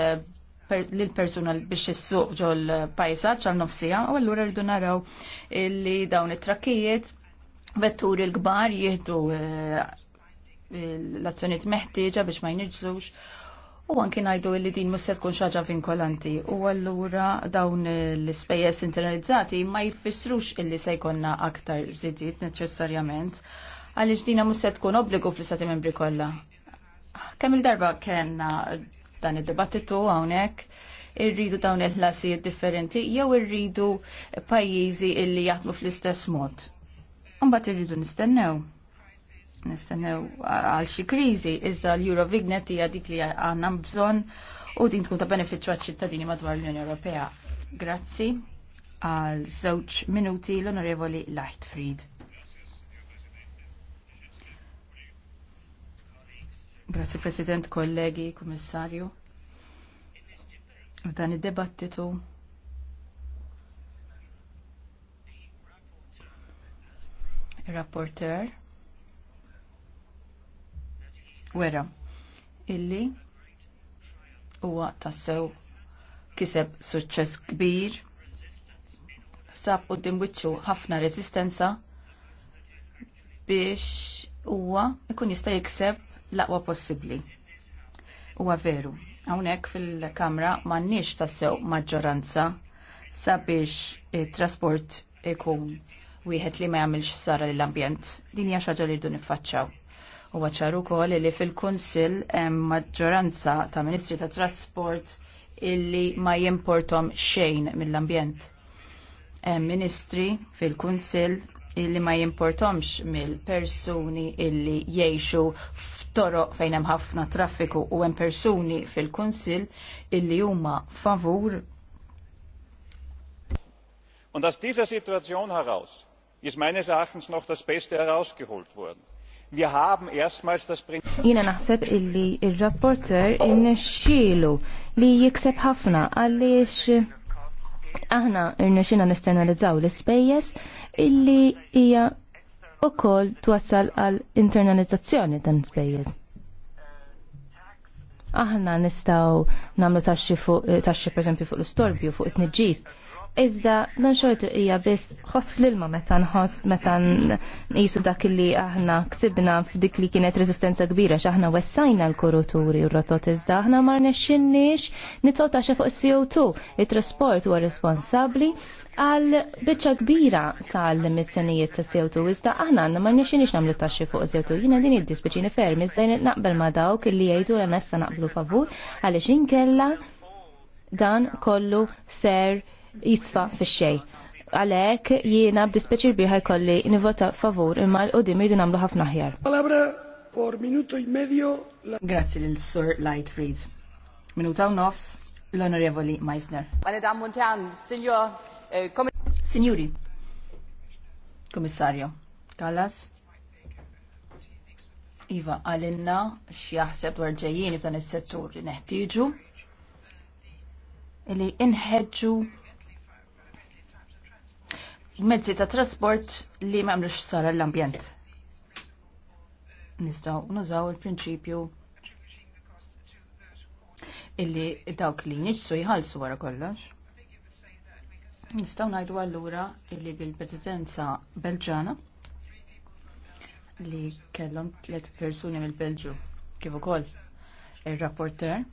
l-persuna biex jissuq ġo l-pajsaċ għal nofsija u għallura rridu naraw li dawn it-trakkijiet vetturi l-kbar jihdu eh, l-azzjoniet meħtieġa biex ma jnirġżux u anki najdu li din mus tkun xaġa vinkolanti u allura dawn l-ispejjeż internalizzati ma jfissrux illi se jkollna aktar zidiet neċessarjament għaliex dina mus tkun obbligu fl-istati membri kollha kemm il-darba kena dan id-dibattitu hawnhekk irridu dawn il-ħlasijiet differenti jew irridu pajjiżi illi jaħdmu fl-istess mod. Imbagħad irridu nistennew. Nistennew għal xi kriżi iżda l-Eurovignet hija dik li għandna bżonn u din tkun ta' benefiċċju għaċ-ċittadini madwar l-Unjoni Ewropea. Grazzi għal żewġ minuti l-Onorevoli Lightfried. Grazie President, kollegi, Kummissarju. Dan id-debattitu il-rapporter wera illi huwa tassew kiseb suċċess kbir sab u dimwiċċu ħafna resistenza biex huwa ikun jista' jikseb l-aqwa possibbli. Huwa veru, hawnhekk fil-Kamra m'għandniex tassew maġġoranza sabiex trasport ikun wieħed li ma jagħmilx sara lill-ambjent. Din hija xaġa li rridu niffaċċjaw. Huwa ċar ukoll li fil-Kunsill hemm maġġoranza ta' Ministri ta' Trasport illi ma jimportom xejn mill-ambjent. Ministri fil-Kunsill li ma jimportomx mill-persuni illi jiexu f'toro fejn hemm ħafna traffiku u hemm persuni fil-Kunsill illi huma favur. Und aus dieser Situation heraus ist meines Erachtens noch das Beste herausgeholt worden. Wir haben erstmals das Jina naħseb illi il-rapporter innexxielu li jikseb ħafna għaliex aħna irnexxina nesternalizzaw l-ispejjeż illi hija wkoll twassal għal internalizzazzjoni dan spejjeż. Aħna nistgħu nagħmlu taxxi fuq taxxi fuq l-istorbju fuq it-tniġġis Iżda non xortu hija biss xos fl-ilma meta nħoss meta jisu dak li aħna ksibna f'dik li kienet rezistenza kbira x'aħna wessajna l-kuruturi u rotot iżda aħna ma rnexxinniex nitota xa fuq CO2. It-trasport huwa responsabbli għal biċċa kbira tal-emissjonijiet ta' CO2 iżda aħna għandna ma rnexxinniex nagħmlu taxxi fuq CO2. Jiena din id-dispeċini ferm iżda naqbel ma dawk li jgħidu l nessa naqblu favur għaliex inkella dan kollu ser jisfa fi xej. Għalek jiena b'dispeċir biħaj kolli nivota favur imma l qodim jridu għamlu ħafna ħjar. Palabra por minuto i medio. Grazie l Sir Lightfried. Minuta u nofs l-Onorevoli Meisner. Meine Damen und Herren, Signor eh, Signori, Kommissario, Kallas, Iva, għalinna xjaħseb dwar ġejjien f'dan il settur li neħtiġu, illi inħedġu mezzi ta' trasport li ma' mlux sara l-ambjent. Nistaw nazaw il-prinċipju illi dawk li nġsu jħalsu wara kollox. Nistaw najdu għallura illi bil-prezidenza belġana li kellhom tliet persuni mill-Belġu kif ukoll ir-rapporter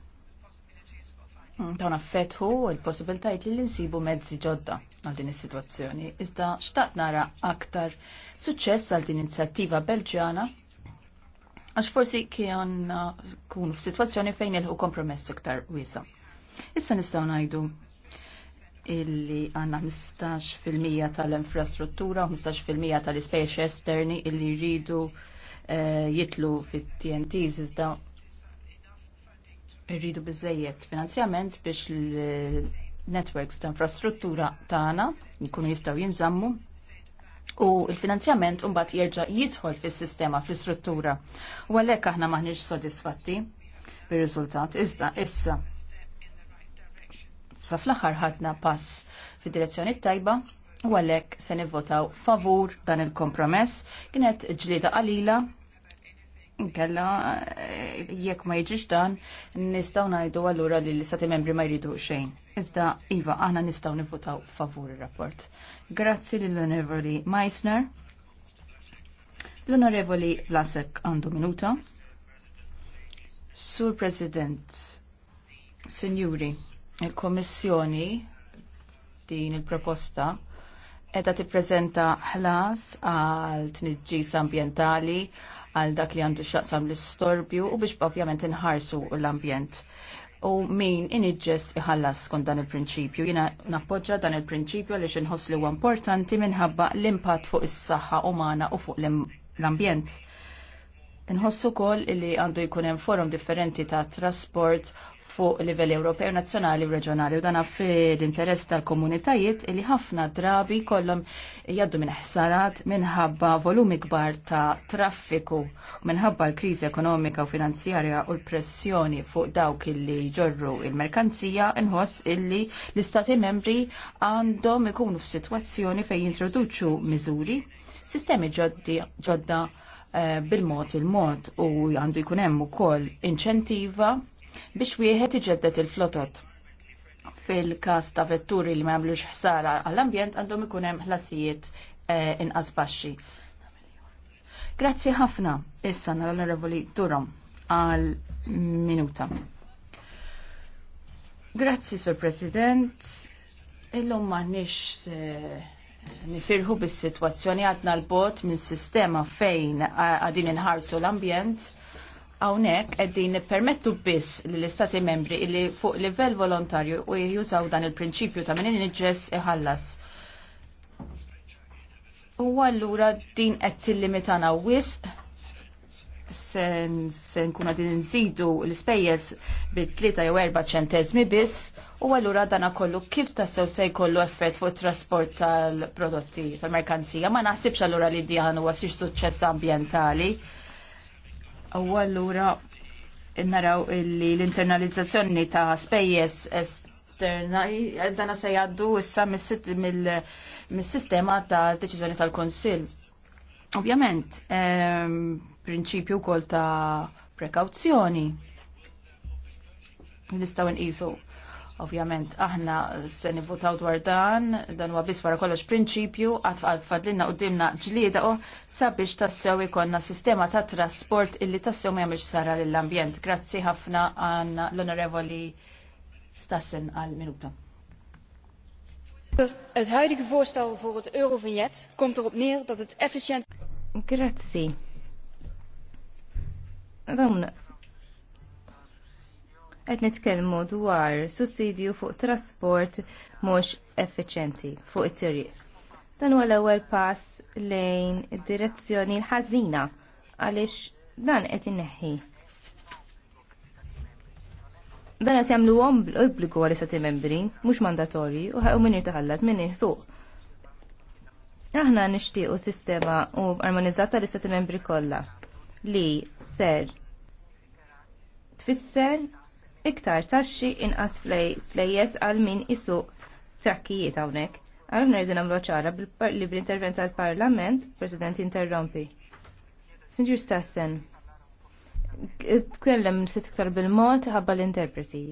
dawn affetħu l-possibilitajiet li nsibu mezzi ġodda għal din is-sitwazzjoni. Iżda xtaqt nara aktar suċċess għal din inizjattiva Belġjana għax forsi kien kun f'sitwazzjoni fejn ilħu kompromess iktar wiesa. Issa nistgħu ngħidu illi għanna 15% tal-infrastruttura, u 15% tal ispeċi esterni illi jridu eh, jitlu fit-TNTs iżda jridu bizzejiet finanzjament biex networks ta' infrastruttura tagħna jkunu jistgħu jinżammu u l-finanzjament mbagħad jerġa' jidħol fis-sistema fl-istruttura. U għalhekk aħna maħniex sodisfatti bir-riżultat. Iżda issa sa fl-aħħar ħadna pass fid-direzzjoni tajba u għalhekk se nivvotaw favur dan il-kompromess kienet ġlieda qalila Kella, jekk ma jiġix dan, nistaw najdu għallura li l-istati membri ma jridu xejn. Iżda, Iva, aħna nistaw nivvotaw favur il-rapport. Grazzi l-Onorevoli Meissner. L-Onorevoli Vlasek għandu minuta. Sur President, Signuri, il-Komissjoni din il-proposta edha tippreżenta ħlas għal tniġġis ambientali għal dak li għandu xaqsam l-istorbju u biex ovvjament inħarsu l-ambjent. U min inġess iħallas kon dan il-prinċipju. Jina nappoġġa dan il-prinċipju li xinħos li huwa importanti minħabba l-impatt fuq is-saħħa umana u fuq l-ambjent. Nħossu kol li għandu jkun hemm forum differenti ta' trasport fuq livell Ewropew, nazzjonali u reġjonali u dan l interess tal-komunitajiet li ħafna drabi kollhom jgħaddu minn ħsarat minħabba volumi kbar ta' traffiku minħabba l-kriżi ekonomika u finanzjarja u l-pressjoni fuq dawk illi ġorru il-merkanzija inħoss illi l-istati membri għandhom ikunu f'sitwazzjoni fejn jintroduċu miżuri sistemi ġodda eh, bil-mod il-mod u għandu jkun hemm ukoll inċentiva biex wieħed iġeddet il-flotot. Fil-kas ta' vetturi li ma ħsara għall-ambjent għandhom ikun hemm ħlasijiet eh, inqas baxxi. Grazzi ħafna issa nal-Onorevoli Turom għal minuta. Grazzi, Sur President. Illum nix eh, nifirħu bis-sitwazzjoni għadna l-bot minn sistema fejn għadin inħarsu l-ambjent Hawnhekk qegħdin nippermettu biss lill istati membri li fuq livell volontarju u jużaw dan il-prinċipju ta' minn il-ġess iħallas. U allura din qed tillimitana wisq se nkunu din nżidu l-ispejjeż bit-3 jew 4 ċentesmi biss u allura dana kollu kif tassew se jkollu effett fuq it trasport tal-prodotti tal-merkanzija. Ma naħsibx allura li diħan huwa six suċċess ambjentali U allura naraw illi l-internalizzazzjoni ta' spejjeż esterna dana se jgħaddu issa mis-sistema ta' deċiżjoni tal konsil Ovvjament, ehm, prinċipju wkoll ta' prekawzjoni nistgħu nqisu Ovvjament, aħna se nivvotaw dwar dan, dan huwa biss wara kollox prinċipju, għatfad fadlinna u dimna ġlieda u sabiex tassew ikonna sistema ta' trasport illi tassew ma jagħmilx sara lill-ambjent. Grazzi ħafna għanna l-onorevoli Stassen għal minuta. Het huidige voorstel voor het Eurovignet komt erop neer dat het efficiënt. Grazie. Dawn qed nitkellmu dwar sussidju fuq trasport mhux effiċjenti fuq it-tirjiq. Dan huwa l-ewwel pass lejn id-direzzjoni l-ħażina għaliex dan qed inneħħi. Dan qed jagħmlu obbligu għal isati membri mhux mandatorji u ħaqgħu min irtaħallas minn suq. Aħna nixtiequ sistema u armonizzata l-istati membri kollha li ser tfisser iktar taxxi inqas flejjes għal min isuq trakkijiet hawnhekk. Għal rridu nagħmlu ċara li bl-intervent tal-Parlament, President interrompi. Sinġur Stassen, tkellem se iktar bil-mod ħabba l-interpreti.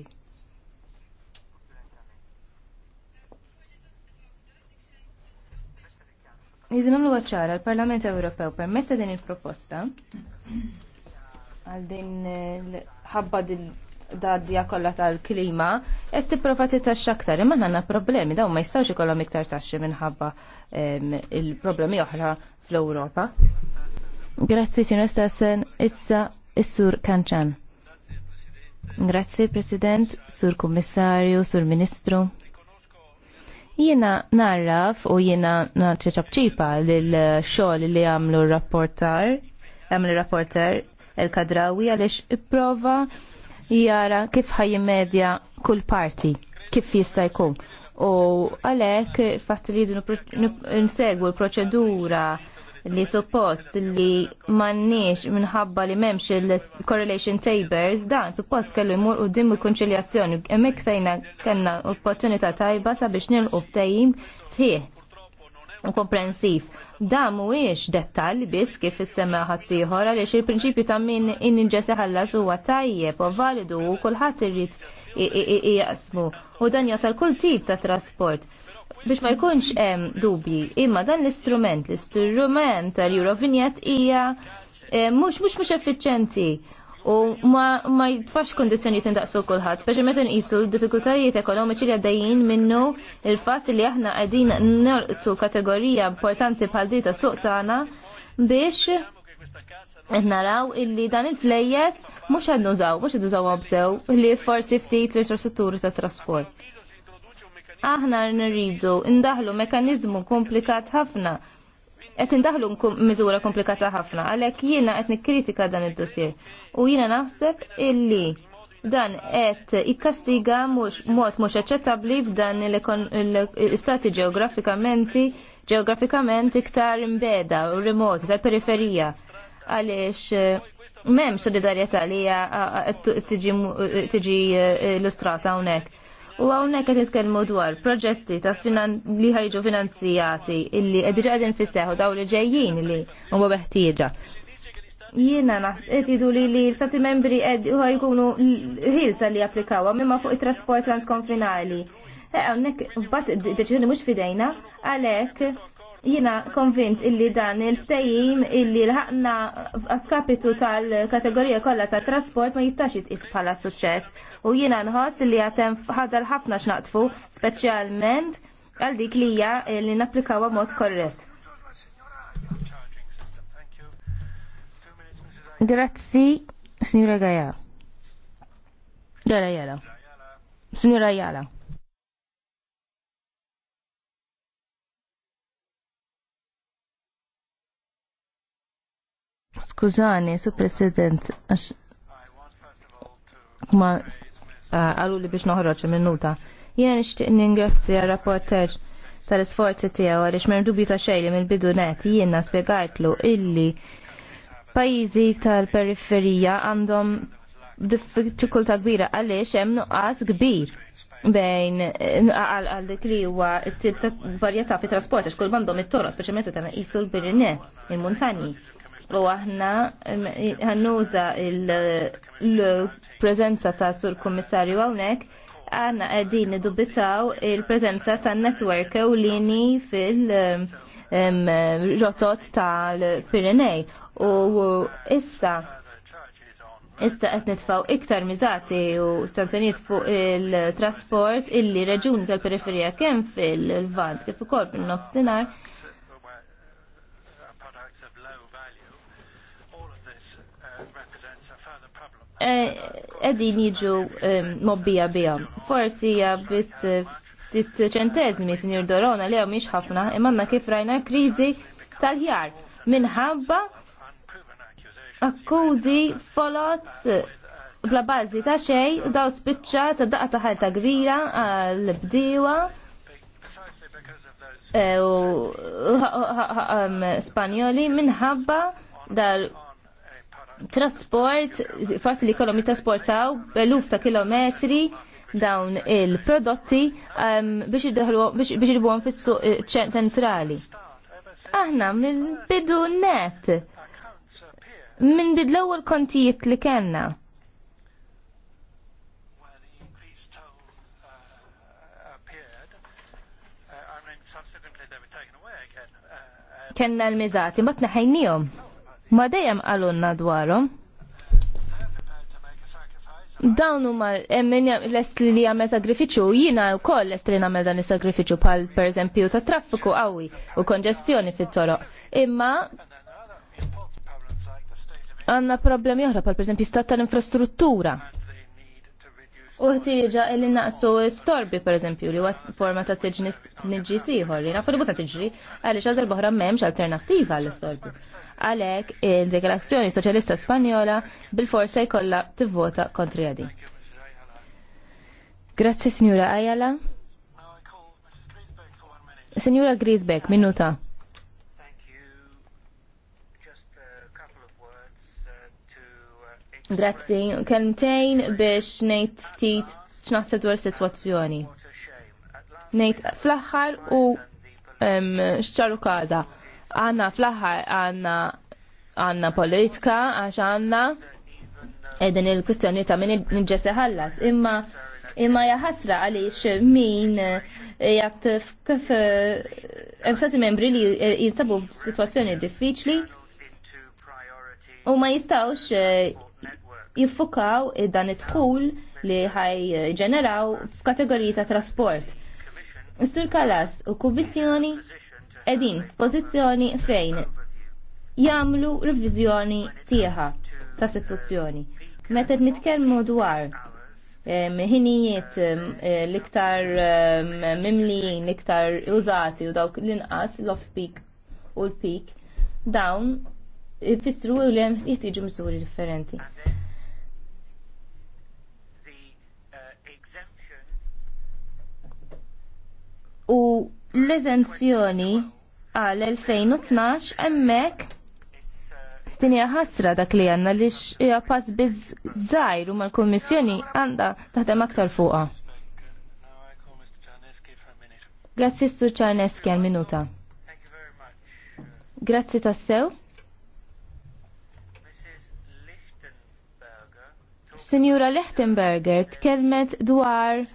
Nizin għamlu għacċara, l-Parlament Ewropew permessa din il-proposta għal din ħabba din dadja kollha tal-klima qed tipprova titaxxa aktar imma għandna problemi dawn ma jistgħux ikollhom iktar taxxi minħabba il-problemi oħra fl-Ewropa. Grazzi Sinu Stassen, issa is-Sur Kanċan. Grazzi President, Sur Kummissarju, Sur Ministru. Jiena narraf u jiena naċċaċċipa l-xogħol li għamlu r-rapportar, għamlu r-rapporter el-kadrawi għaliex ipprova prova jara kif medja kull parti, kif jista' jkun. U għalhekk fatt rridu nsegwu l-proċedura li suppost li mannix minħabba li memx il-correlation tables dan suppost kellu jmur u dimmu konċiljazzjoni hemmhekk sejna kellna opportunità tajba sabiex nilqu ftajim fih komprensiv. Da mhuwiex dettalli biss kif issemma ħaddieħor għaliex il-prinċipju ta' min inġes iħallas huwa tajjeb u validu u kulħadd irid jaqsmu u dan jagħta l-kull tip ta' trasport biex ma jkunx hemm dubji, imma dan l-istrument, l-istrument tal-Eurovignet hija eh, mhux mhux mhux effiċjenti u ma jitfax kondizjoni tindaqsu kulħadd. peċi meta nqisu l-diffikultajiet ekonomiċi li għaddejjin minnu il-fatt li aħna qegħdin norqtu kategorija importanti bħal dita suq tagħna biex naraw illi dan il-flejjes mhux għad nużaw, mhux għad nużaw għabsew li forsi ftit l-infrastrutturi ta' trasport aħna nirridu indaħlu mekanizmu komplikat ħafna qed indaħlu miżura komplikata ħafna għalhekk jiena qed nikkritika dan id-dossier u jiena naħseb illi dan qed ikkastiga mhux mod mhux aċċettabbli f'dan l-istati ġeografikamenti ġeografikament iktar imbeda u remoti tal-periferija għaliex eh, m'hemm solidarjetà li hija tiġi eh, illustrata hawnhekk U għawnek għet jitkelmu dwar proġetti ta' li ħarġu finanzijati illi għedġa għedin fisseħu daw li ġejjin li u beħtieġa. Jiena naħt jidu li li l-stati membri għed u għajkunu ħilsa li applikawa mimma fuq il-trasport transkonfinali. E, għawnek bat deċizjoni mux fidejna għalek jina konvint illi dan il-ftajim illi l-ħakna askapitu tal-kategorija kollha ta' trasport ma jistax jitqis bħala suċċess u jina nħoss illi għatem ħadal ħafna x'naqtfu speċjalment għal dik li hija li napplikawha mod korrett. Grazzi, signora Gaja. Jala, jala. Signora Jala. Skużani, su President, għax ma għallu li biex noħroċ minnuta. Jien nixtieq ningrazzja rapporter tal-isforzi tiegħu għaliex m'hemm dubju ta' xejli mill-bidu net jiena spjegartlu illi pajjiżi tal-periferija għandhom diffikultà kbira għaliex hemm nuqqas kbir bejn għal dik li huwa t-tip ta' varjetà fi trasport għax kull għandhom it-toroq speċjalment meta jisu l-birinne il-muntanji u aħna ħannuża il-prezenza ta' sur kummissarju hawnhekk għanna qegħdin nidubitaw il prezenza ta' netwerk lini fil-rotot tal-Pirinej u issa issa qed nitfgħu iktar miżati u stanzjonijiet fuq il-trasport illi reġuni tal-periferija kemm fil-Vant kif ukoll fin-nofsinhar edin jiġu mobbija bija. Forsi hija biss ftit ċentezmi, Sinjur Dorona, li mhix ħafna, imanna kif rajna kriżi tal ħjar minħabba akkużi folot bla bażi ta' xej, daw spiċċa ta' daqqa ta' ħalta gbira għal bdiewa u Spanjoli minħabba dal trasport, fatt li kolom jitrasportaw beluf ta' kilometri dawn il-prodotti um, biex jidħuħom fis-suq eh, ċentrali. Aħna minn bidu net, minn bidlaw il-kontijiet li kellna. Kenna l-mizati, ma tneħajnijom ma dejjem għalunna dwarhom. Dawn huma emmin lest li jagħmel sagrifiċċju jiena wkoll lest li nagħmel dan is-sagrifiċċju bħal pereżempju ta' traffiku qawwi u konġestjoni fit-toroq. Imma għandna problemi oħra bħal pereżempju stat tal-infrastruttura. U ħtieġa li naqsu storbi pereżempju li huwa forma ta' tiġnis niġġis ieħor li nafu li busa tiġri għaliex għal darba oħra m'hemmx alternattiva għall-istorbi. Għalhekk il-Deklarazzjoni Soċjalista Spanjola bil-forsa jkollha tivvota kontri għadi. Grazzi Signora Ayala. Signora Grisbeck, minuta. Grazzi, kentejn biex nejt ftit x'naħseb dwar situazzjoni. Nejt fl-aħħar u xċaru kada Għanna fl ħar għanna għanna politika għax għanna edin il-kustjoni ta' min ġesse ħallas. Imma imma jaħasra għaliex min eh, jgħat kif eh, emsati membri li eh, jinsabu f'sitwazzjoni diffiċli u ma jistawx jiffukaw dan id-dħul li ħaj ġeneraw f'kategoriji ta' trasport. Is-sur Kalas u kummissjoni edin f'pożizzjoni fejn jagħmlu revizjoni tieħa ta' situazzjoni. Meta nitkellmu dwar ħinijiet eh, l-iktar mimlijin, l-iktar użati u dawk l-inqas, l-off-peak u l-peak, dawn fissru u hemm jtiġu misuri differenti. U l-eżenzjoni għal 2012 emmek tinja ħasra dak li għanna li xija pass bizzajr u mal-Kommissjoni għanda taħdem aktar fuqa. Grazzi Sur Czarneski għal minuta. Grazzi tassew. Signora Lichtenberger tkellmet dwar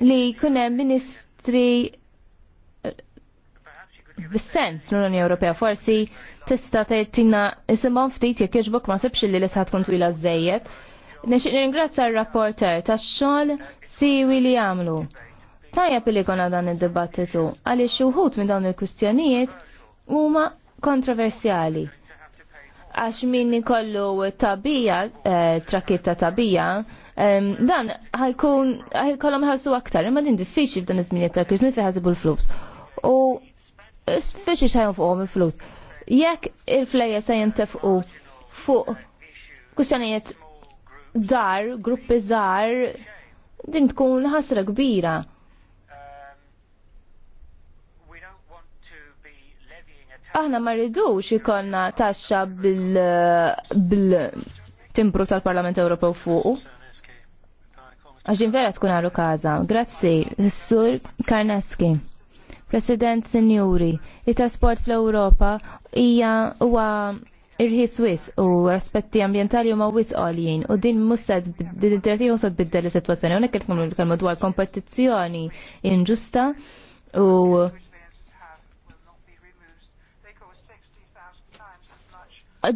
li kunem ministru ministri bis-sens l-Unjoni Ewropea forsi tista' tgħidilna isimhom ftit jekk jogħġbok ma sibx li lista tkun twila żejjed. Nixtieq nirringrazzja r-rapporter tax-xogħol siwi li jagħmlu. Tajjeb li konna dan id-dibattitu għaliex xi wħud minn dawn il-kwistjonijiet huma kontroversjali għax min ikollu tabija, eh, trakitta tabija, Dan ħajkun ħajkollhom ħarsu aktar, imma din diffiċli f'dan iż-żmien ta' Christmas fi ħasibu l-flus. U fiex ħajhom fuqhom il-flus. Jekk il-flejja se jintefqu fuq kustjonijiet żgħar, gruppi żgħar, din tkun ħasra kbira. aħna ma rridux ikollna taxxa bil-timbru bil, timbru tal parlament Ewropew fuqu. Għaxin vera tkun għalu kaza. Grazzi, s-sur Karneski. President Signori, it-trasport fl-Europa ija u irħis wis u raspetti ambientali huma wis għaljien u din mussad d-direttiva mussad biddel is situazzjoni Unek il kelmu l-kelmu dwar kompetizjoni inġusta u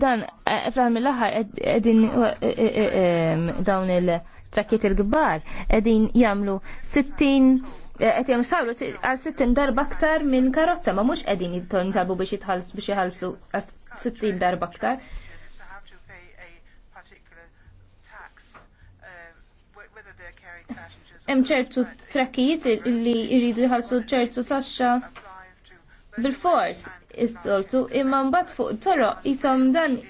dan, eh, fraħmi l-ħar, eh, eh, dawn il- trakiet il gbar edin jamlu 60 Għet jagħmlu sawlu għal 60 darba aktar minn karozza ma mhux qegħdin jintalbu biex jitħalsu biex jħallsu 60 darba aktar. Hemm ċertu trakkijiet li jridu jħallsu ċertu taxxa bil-fors is-soltu imma mbagħad fuq toroq isom dan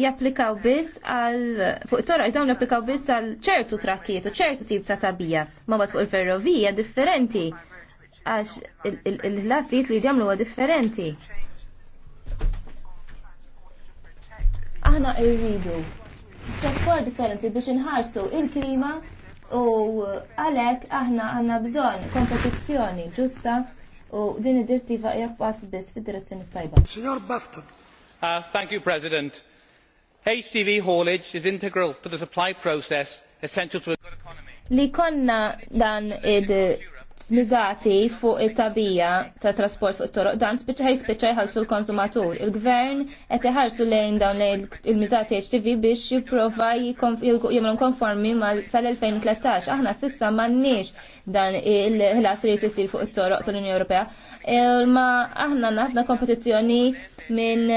japplikaw biss għal fuq toroq dawn japplikaw biss għal ċertu trakkiet u ċertu tip ta' tabija. Ma fuq il-ferrovija differenti għax il-ħlasijiet li ġamlu huwa differenti. Aħna irridu trasport differenti biex inħarsu il-klima u għalek aħna għanna bżon kompetizzjoni ġusta u din id-dirtiva jgħak biss fid-direzzjoni tajba. Signor Baston. Uh, thank you, President. HGV haulage is integral to the supply process essential to a good economy. Li konna dan id smizati fuq it-tabija ta' trasport fuq it-toroq dan spiċċa jispiċċa jħallsu l-konsumatur. Il-gvern qed iħarsu lejn dawn il-miżati HTV biex jipprova jagħmlu konformi sal-2013. Aħna s'issa m'għandniex dan il-ħlas li fuq it-toroq tal-Unjoni Ewropea. E, ma aħna naħna kompetizzjoni minn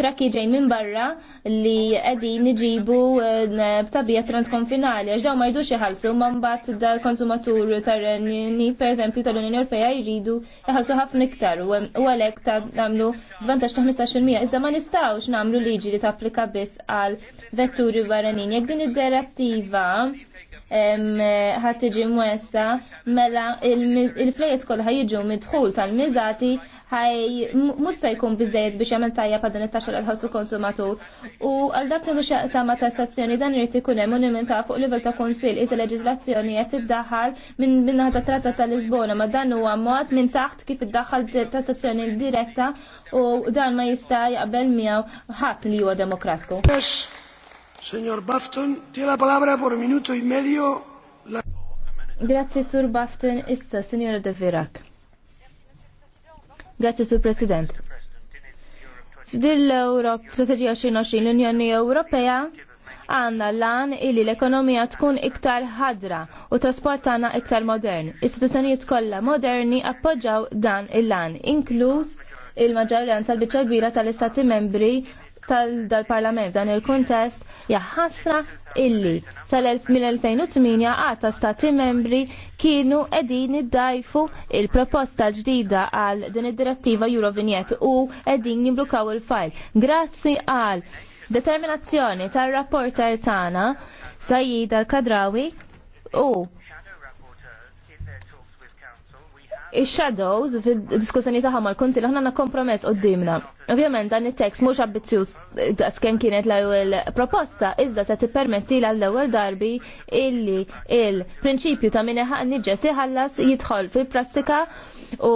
trakki ġej minn barra li qegħdin niġibu e, b'tabija transkonfinali għax daw ma jdux iħallsu ma mbagħad dal-konsumatur tar-Renjuni pereżempju tal-Unjoni Ewropea jridu jħalsu ħafna iktar u għalhekk namlu zvantax ta' 15% iżda ma nistgħux nagħmlu liġi li tapplika biss għal vetturi barranin. Jekk din id-direttiva ħat tiġi mwessa mela il-flejes kollha ħajġu midħul tal-miżati ħaj musta jkun bizzejt biex jagħmel tajja pa' it-taxxa għal ħossu konsumatur. U għal dak li xaqsama ta' stazzjoni dan irid ikun hemm unimenta fuq livell ta' kunsill iżda leġislazzjoni qed tiddaħħal minn minnaħa ta' Trattat ta' Lisbona ma dan huwa mod minn taħt kif iddaħħal ta' diretta u dan ma jista' jaqbel miegħu ħadd li huwa demokratiku. Signor Bafton, tiene la palabra por minuto y medio. La... Grazie, Sur Bafton. Issa, Signora De Virac. Grazie, Sur President. Dill-Europ, strategija 2020, l-Unjoni Ewropea għanna lan illi l-ekonomija tkun iktar ħadra u trasport għanna iktar modern. Istituzzjonijiet kollha moderni appoġġaw dan il-lan, inkluż il-maġġoranza l-biċċa kbira tal-istati membri tal-parlament dan il-kontest jaħasra illi sal-2008 għata stati membri kienu edin id-dajfu il-proposta ġdida għal din id-direttiva Eurovignet u edin jimblukaw il-fajl. Grazzi għal determinazzjoni tal-rapporter tana Sajid al-Kadrawi u il-shadows fil-diskussjoni taħħa mal konsil aħna na kompromess d-dimna. Ovvijament, dan it-tekst mhux ambizzjuż għasken kienet l-ewwel proposta, iżda se tippermetti l ewwel darbi illi il-prinċipju ta' min niġġes ħallas jidħol fil-prattika u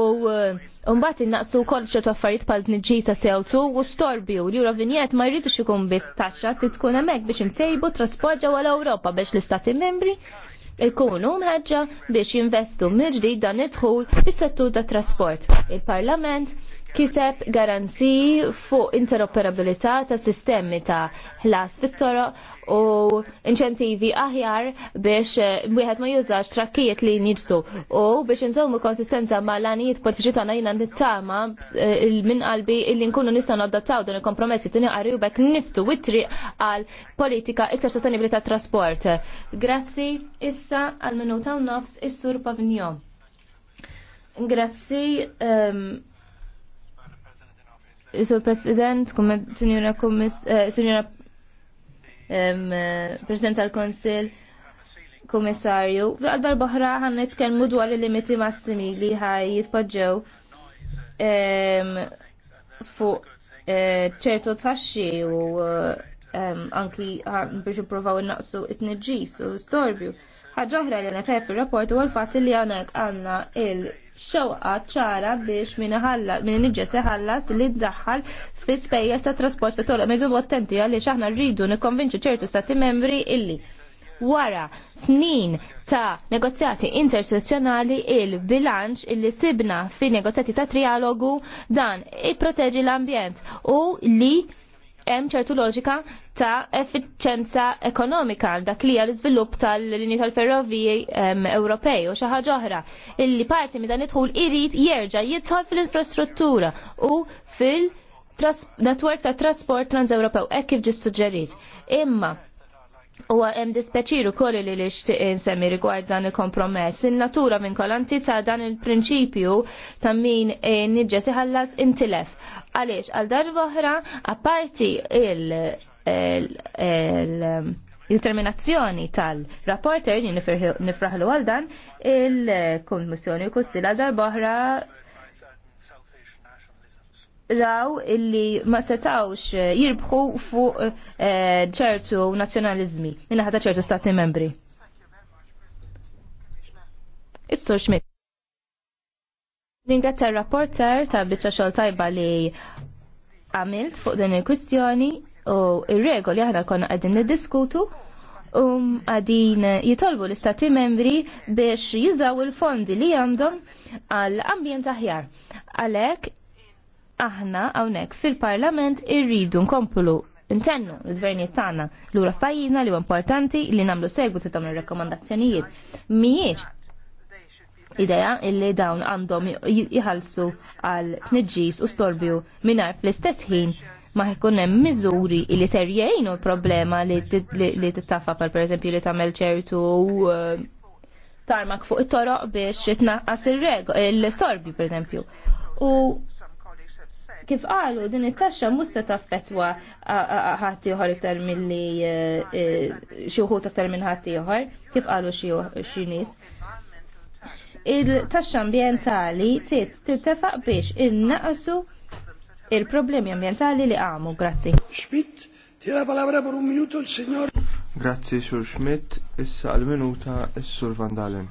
mbagħad innaqsu wkoll ċertu affarijiet bħal tniġġis ta' CO2 u storbju li vinjet ma jridux ikun biss taxxa tkun hemmhekk biex intejbu trasport ġewwa ewropa biex l-Istati membri ikunu mħeġġa biex jinvestu mill-ġdid dan id-dħul fis-settur tat-trasport. Il-Parlament kiseb garanziji fuq interoperabilità ta' sistemi ta' ħlas fit-toro u inċentivi aħjar biex eh, wieħed ma jużax trakkijiet li nġsu u biex nżommu konsistenza ma' l-għanijiet politiċi tagħna jiena nittama eh, minn qalbi illi nkunu nistgħu nadattaw dan il-kompromessi tini qari u bekk niftu witri għal politika iktar sostenibbli tat trasport. Grazzi issa għal minuta u nofs is-sur Pavignon. Grazzi um, Sur President, Sinjora eh, eh, President tal-Konsil, Komissarju, għal boħra għan nitkellmu dwar il-limiti massimi li ħaj jitpoġġew fuq eh, ċertu taxxi u anki biex jipprovaw innaqsu it-nġis u storbju. Ħaġa oħra li għana tajf il-rapport u għal-fat li għanek għanna il- xewqa ċara biex minn nġes seħallas li ddaħħal fi spejjeż ta' trasport fit toroq mejdu attenti għaliex aħna rridu nikkonvinċu ċertu stati membri illi wara snin ta' negozjati intersezzjonali il-bilanċ illi sibna fi negozjati ta' trialogu dan i proteġi l-ambjent u li hemm ċertu loġika ta' effiċenza ekonomika dak li l-iżvilupp tal-linji tal-ferroviji Ewropej u xi ħaġa oħra illi parti minn dan idħul irid jerġa' jidħol fil-infrastruttura u fil-netwerk ta' trasport trans-Ewropew hekk kif ġis suġġerit. Imma U hemm dispeċiru kolli li li xtiq insemmi rigward dan il-kompromess. Il-natura minn kolanti ta' dan il-prinċipju ta' min eh, nidġes ħallas intilef. Għaliex, għal darba voħra, apparti il terminazzjoni tal-rapporter, nifraħlu għal dan, il-Kommissjoni kussila dar boħra raw illi ma setawx eh, jirbħu fuq eh, ċertu nazjonalizmi minna ħata ċertu stati membri. Issu sur Schmidt. Ringrazzja rapporter ta' bieċa xol tajba li għamilt fuq din il-kwistjoni u il regoli aħna konna qegħdin niddiskutu u um, għadin jitolbu l-istati membri biex jużaw il-fondi li għandhom għall-ambjent aħjar. Għalhekk aħna hawnhekk fil-Parlament irridu nkomplu intennu l-gvernijiet tagħna lura fajjiżna li huwa importanti li nagħmlu segwu ta' dawn ir-rakkomandazzjonijiet. Mhijiex ideja illi dawn għandhom jħallsu għal tniġġis u storbju mingħajr fl-istess ħin ma jkun hemm miżuri li ser jgħinu l-problema li tittafa pal pereżempju li tagħmel ċertu eh, tarmak fuq it-toroq biex tnaqqas il-storbju pereżempju. U kif qalu din it-taxxa mhux se taffetwa ħadd ieħor iktar milli e, e, xi wħud aktar minn ħadd ieħor, kif qalu xi nies. Il-taxxa ambjentali tintefaq biex innaqsu il-problemi ambjentali li għamu. Grazzi. Schmidt, tira palabra per un minuto il signor. Grazzi, Sur Schmidt. Issa għal-minuta, Sur Vandalen.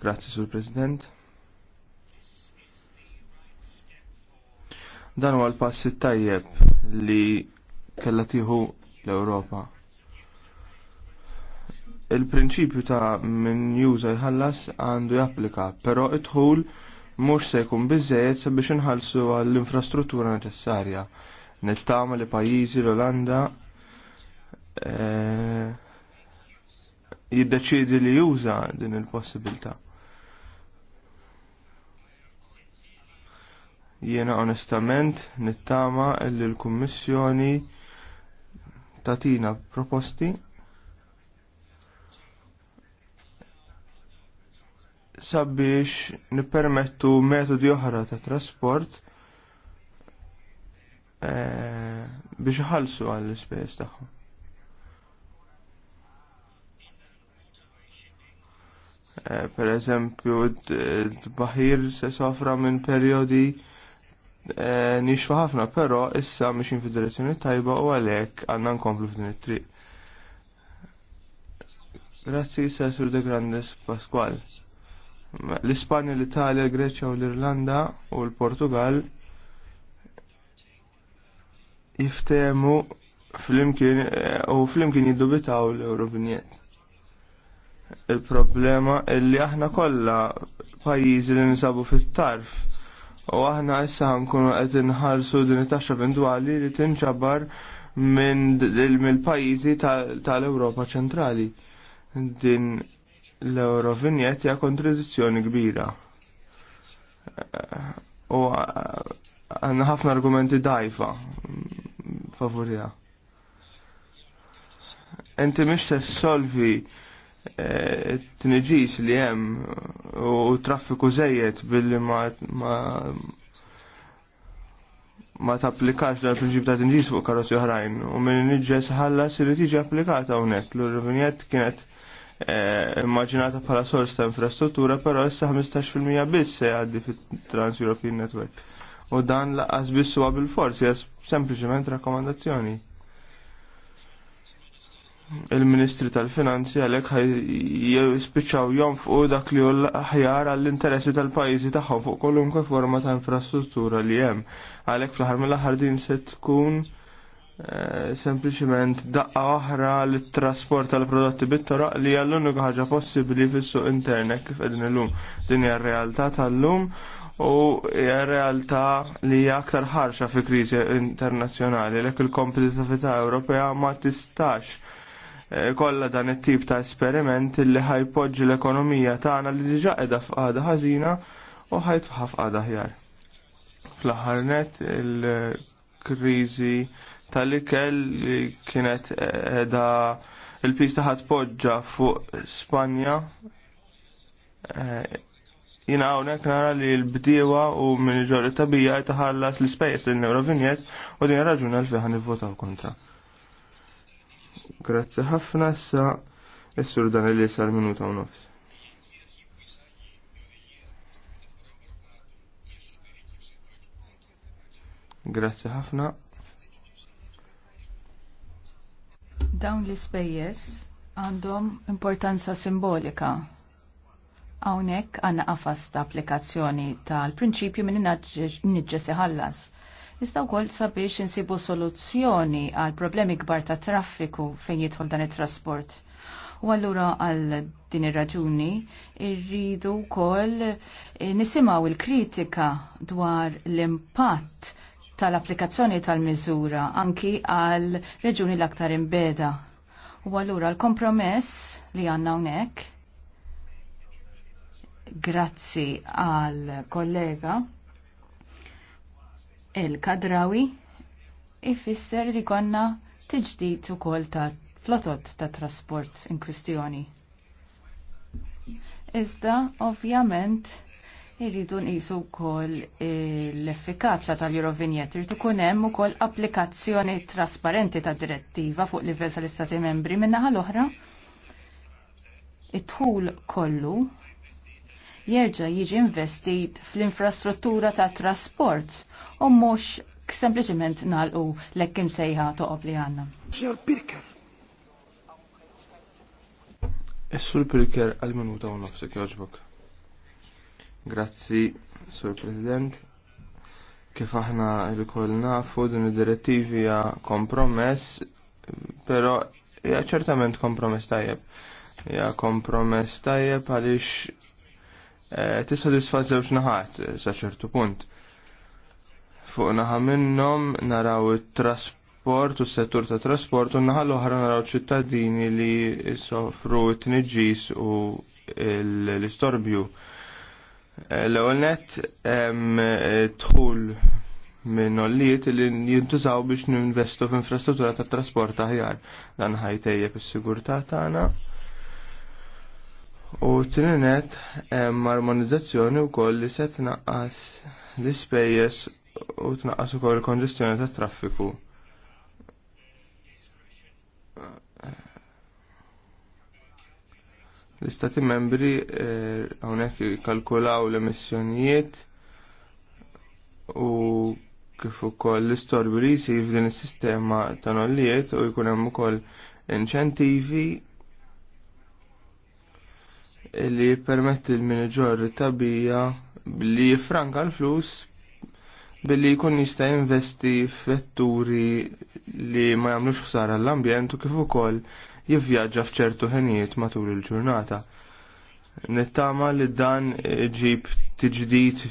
Grazzi, Sur President. Dan huwa l-pass tajjeb li kellha tieħu l-Ewropa. Il-prinċipju ta' min juża jħallas għandu japplika, però id dħul mhux se jkun biżejjed sabiex inħallsu għall-infrastruttura neċessarja. Nittama li pajjiżi l-Olanda eh, jiddeċiedi li juża din il-possibilità. Jiena onestament nittama illi l-Kummissjoni tatina proposti sabiex nippermettu metodi oħra ta' trasport biex ħalsu għall ispejs tagħhom. per eżempju, d baħir se sofra minn periodi Eh, nixfa ħafna, però issa mixin fid direzzjoni tajba u għalhekk għandna nkomplu f'din it-triq. Grazzi Sessur de Grandes Pasqual. L-Ispanja, l-Italja, l-Greċja u l-Irlanda u l-Portugal jiftemu fl-imkien eh, u fl-imkien jiddubitaw l-Eurovignet. Il-problema illi aħna kollha pajjiżi li nisabu fit-tarf U aħna issa nkunu qed inħarsu din it-taxxa vendwali li tinġabar minn mill-pajjiżi tal-Ewropa ċentrali. Din l-Eurovinjet hija kontradizzjoni kbira. U għandna ħafna argumenti dajfa favorija. Inti mhix solvi t-nġis li jem u traffiku zejiet billi ma ma tapplikax dal prinċip ta' tinġis fuq karot oħrajn u minn nġes ħallas siri tiġi applikata hawnhekk l rivinjet kienet eh, immaġinata bħala sors ta' infrastruttura però issa 15% biss se għaddi fit-Trans European Network u dan laqas biss huwa bil-forsi sempliċement rakkomandazzjoni il-Ministri tal-Finanzi għalhekk jom fuq dak li hu l-aħjar għall-interessi tal-pajjiżi tagħhom fuq kolunkwe forma ta' infrastruttura li hemm. Għalhekk fl-aħħar mill-aħħar din se tkun eh, sempliċement daqqa oħra li trasport tal-prodotti bit-toroq li hija l-unika ħaġa possibbli fis-suq internet kif qegħdin illum. Din hija r-realtà tal-lum u hija realtà li hija aktar ħarxa fi kriżi internazzjonali l il-kompetitività Ewropea ma tistax Eh, Kolla dan it-tip ta' esperiment li ħajpoġġi l-ekonomija tagħna li diġà qiegħda f'qagħda ħażina u ħajtfaħa f'qagħda ħjar. Fl-aħħar net il-kriżi tal-ikel li kienet qiegħda il-pista ħatpoġġa fuq Spanja eh, jina għonek nara li l-bdiewa u minn ġorri tabija jtaħallas l ispejjeż l-neurovinjet u din raġuna l-fiħan votaw kontra. Grazzi ħafna sa essur sur dan li sar minuta u nofs. Grazzi ħafna. Dawn l-ispejjeż għandhom importanza simbolika. Hawnhekk għandna qafas ta' applikazzjoni tal-prinċipju minn innaġġes ħallas. Iżda wkoll sabiex insibu soluzzjoni għal problemi kbar ta' traffiku fejn jidħol dan it-trasport. U allura għal din ir-raġuni irridu wkoll eh, nisimgħu il-kritika dwar l-impatt tal-applikazzjoni tal-miżura anki għal reġuni l-aktar imbeda. U allura l-kompromess li għandna hawnhekk grazzi għal kollega il-kadrawi ifisser li konna tiġdid ukoll ta' flotot ta' trasport in kwistjoni. Iżda ovvjament irridu nqisu wkoll l-effikaċja tal-Eurovignet irid ikun hemm ukoll applikazzjoni trasparenti tad direttiva fuq livell tal-Istati Membri min-naħa l-oħra it-tħul kollu jerġa' jiġi investit fl-infrastruttura ta' trasport u mhux sempliċement nalqu lekk imsejħa toqob li għandna. Sir Pirker. Is-Sur Pirker għal-minuta u nofsek kjoġbok. Grazzi, Sur President. Kif aħna il-koll nafu din id-direttivi kompromess, pero hija ċertament kompromess tajjeb. Ja kompromess tajjeb għaliex Eh, tisodisfa żewġ naħat eh, sa ċertu punt. Fuq naħa minnhom naraw it-trasport u s-settur ta' trasport u naħa l-oħra naraw ċittadini li soffru t-tniġġis u l-istorbju. Eh, l-ewwel net tħul minn ollijiet li jintużaw biex ninvestu f'infrastruttura tat trasport aħjar. Dan ħajtejja is-sigurtà tagħna U t hemm marmonizzazzjoni u koll li se tnaqqas l-ispejjes u tnaqqas u koll konġestjoni ta' traffiku. L-istati membri għonek eh, kalkulaw l-emissjonijiet u kif ukoll l li jisir f'din is-sistema ta' nollijiet u jkun hemm ukoll inċentivi li permetti l-manager tabija billi franka l-flus billi jkun jista' jinvesti f'vetturi li ma jagħmlux ħsara l-ambjent u kif ukoll jivvjaġġa f'ċertu ħenijiet matul il-ġurnata. Nittama li dan ġib tiġdid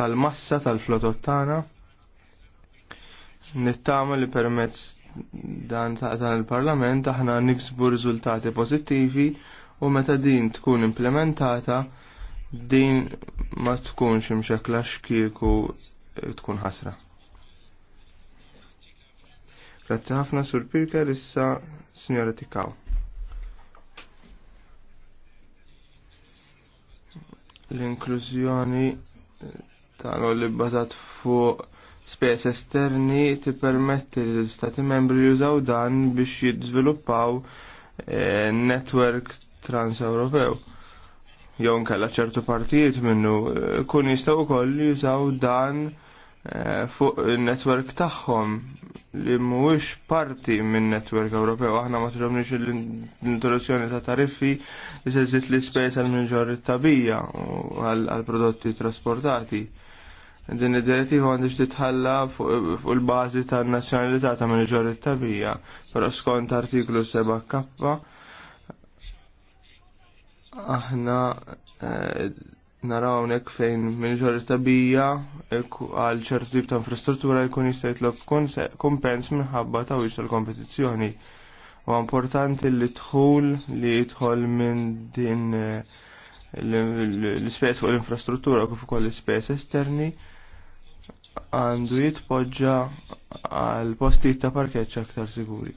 tal-massa tal-flotot tagħna. Nittama li permezz dan tal-Parlament aħna niksbu riżultati pożittivi u meta din tkun implementata din ma tkunx imxekla xkieku tkun ħasra. Grazzi ħafna sur Pirker issa Signora Tikaw. L-inklużjoni tal li bbażat fuq spes esterni ti li l istati membri jużaw dan biex jiżviluppaw eh, network trans-Ewropew. Jew nkella ċertu partijiet minnu eh, kun jistgħu wkoll jużaw dan eh, fuq il-netwerk tagħhom li mhuwiex parti minn netwerk Ewropew. Aħna ma tilhomniex l-introduzzjoni ta' tariffi li se żid l-ispejs għal minġor it-tabija u għal prodotti trasportati. Din id-direttiva għandix titħalla fuq il-bażi tan-nazzjonalità ta' minġor it-tabija, però skont artiklu 7 kappa aħna eh, naraw hawnhekk fejn minn tabija għal ċertu tip ta' infrastruttura jkun jista' jitlob kumpens minħabba ta' wis l-kompetizzjoni. U importanti li dħul li jidħol minn din eh, l-ispejs fuq l-infrastruttura kif ukoll l-ispejs esterni għandu jitpoġġa għal postijiet ta' parkeċċ aktar siguri.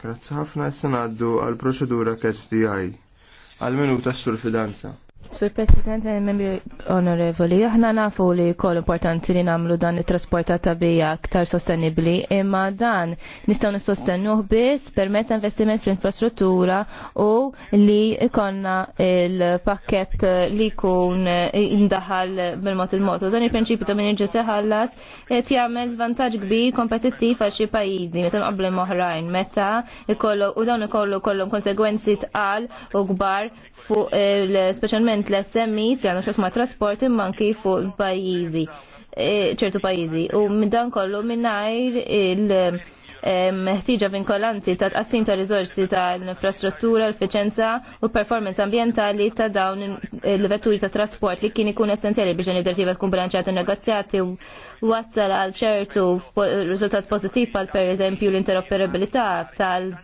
Grazzi ħafna issa għal proċedura KSDI għal minuta s-sur fidanza. Sur President, membri onorevoli, aħna nafu li kol importanti li namlu dan it-trasporta tabija aktar sostenibli, imma dan nistaw nistostennuh biss permezz investiment fl-infrastruttura u li ikonna il-pakket li kun indaħal bil-mot il-mot. Dan il-prinċipju ta' minn seħallas qed jagħmel żvantaġġ kbir kompetittiv għal xi pajjiżi meta qabel oħrajn meta ikollu u dawn ikollu kollu konsegwenzi tqal u kbar fuq speċjalment ovvjament l-SMEs li għandu xasma trasport imman kifu pajizi, e, ċertu pajizi. U minn dan kollu minnajr il- e, ħtiġa vinkolanti ta' tqassim ta' riżorsi ta' infrastruttura, l efficienza u performance ambientali ta' dawn il-vetturi ta' trasport li kien ikun essenzjali biex din id dirtiva tkun bilanċjata negozjati u wassal għal ċertu riżultat pozittiv pal per eżempju l-interoperabilità tal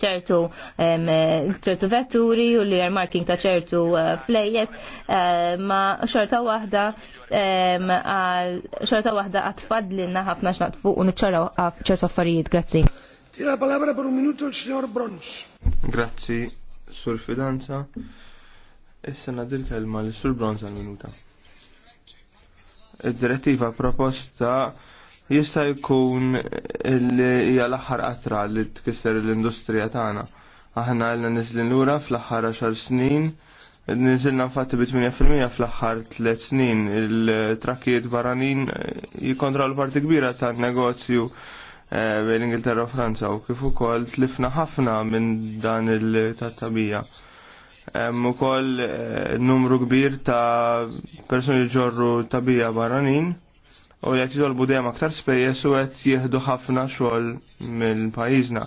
ċertu ċertu vetturi u li marking ta' ċertu eh, flejjet eh, ma xorta waħda xorta waħda għatfadlinna ħafna xnaqtfu u nċċaraw ċertu affarijiet. Grazzi. Tira la palabra per un minuto il signor Brons. Grazzi, sur fidanza. Issa nadil kelma li sur Bronx għal minuta. il direttiva proposta jista' jkun li hija l-aħħar qatra li tkisser l-industrija tagħna. Aħna għalna niżlin lura fl-aħħar 10 snin, Nizilna fatti bi 8% fl aħħar 3 snin il-trakkijiet barranin jikontrollu parti kbira tan negozju eh, bejn Ingilterra u Franza u kif ukoll tlifna ħafna minn dan il-tattabija. Hemm ukoll eh, numru kbir ta' persuni ġorru tabija barranin u li qed jitolbu aktar spejjes u qed jieħdu ħafna xogħol minn pajjiżna.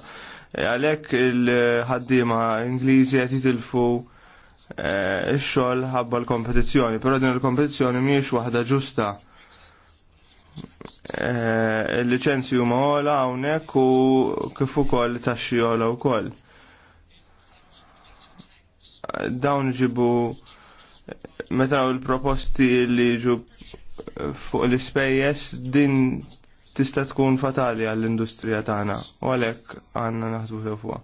E, għalhekk il ħaddima Ingliżi qed jitilfu e, x-xogħol ħabba l-kompetizzjoni, però din il-kompetizzjoni mhijiex waħda ġusta. E, il licenzi huma ogħla hawnhekk u kif ukoll taxxi ogħla wkoll. Dawn ġibu meta l-proposti li ġu eh, fuq l-ispejjes din tista' tkun fatali għall-industrija tagħna u għalhekk għandna naħsbu sew fuqha.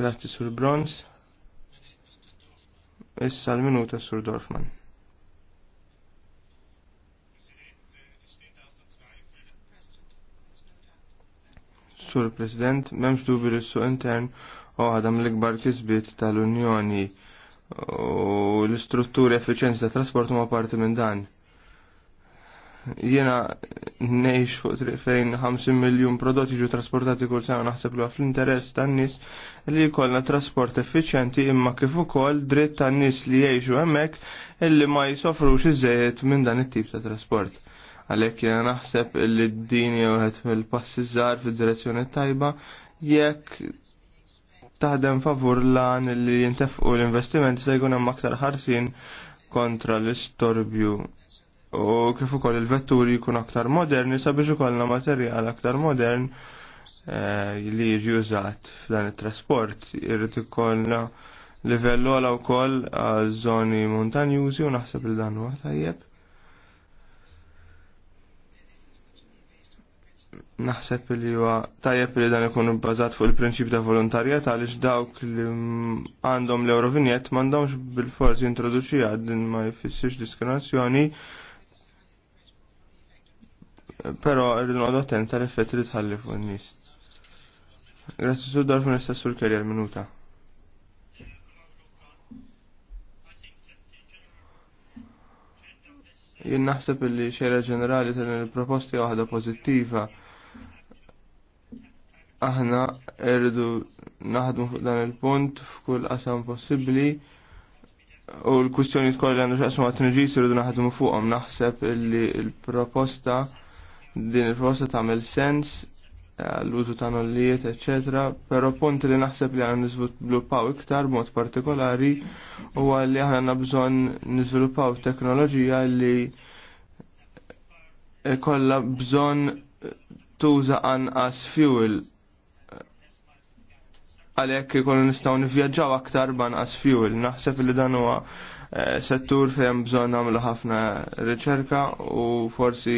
Grazzi sur Bronz. Issa l-minuta sur Dorfman. Sur President, memx dubi l-suq intern u għadam l-ikbar kisbiet tal-Unjoni u l-istrutturi effiċjenzi ta' trasport huma parti minn dan. Jiena ngħix fuq triq fejn 50 miljun prodotti ġu trasportati kull sena naħseb li fl-interess tan-nies li jkollna trasport effiċjenti imma kif ukoll dritt tan-nies li jgħixu hemmhekk illi ma jsofrux iżejjed minn dan it-tip ta' trasport. Għalhekk jiena naħseb li d-dini wieħed mill-passi żgħar fid-direzzjoni tajba jekk taħdem favur lan li jintefqu l-investimenti se jkun hemm aktar ħarsin kontra l-istorbju u kif ukoll il-vetturi jkun aktar moderni sabiex ukollna materjal aktar modern eh, li jiġi użat f'dan it-trasport irrid ikollna livell ola wkoll għal żoni montanjużi u naħseb il dan huwa tajjeb. naħseb li huwa tajjeb li dan ikun bbażat fuq il-prinċip ta' volontarjat għaliex dawk li għandhom l-Eurovinjet m'għandhomx bil-forzi introduċi din ma jfissirx diskriminazzjoni però rridu noqgħod attent tal-effetti li tħalli fuq in-nies. Grazzi su darf Sur sul keljer minuta. jien naħseb li xejra ġenerali tal proposti waħda pożittiva aħna rridu naħdmu fuq dan il-punt f'kull qasam possibbli u l-kwistjoni kollha għandu xaqsmu għat nġis irridu naħdmu fuqhom naħseb li l-proposta din il-proposta tagħmel sens l-użu ta' nollijiet, etc. Pero punt li naħseb li għan nizviluppaw iktar mod partikolari u għalli għan bżon nizviluppaw teknoloġija li kolla bżon tuża anqas fuel għalhekk jikonu nistgħu nivvjaġġaw aktar banqas fuel. Naħseb li dan huwa eh, settur fejn bżonn nagħmlu ħafna riċerka u forsi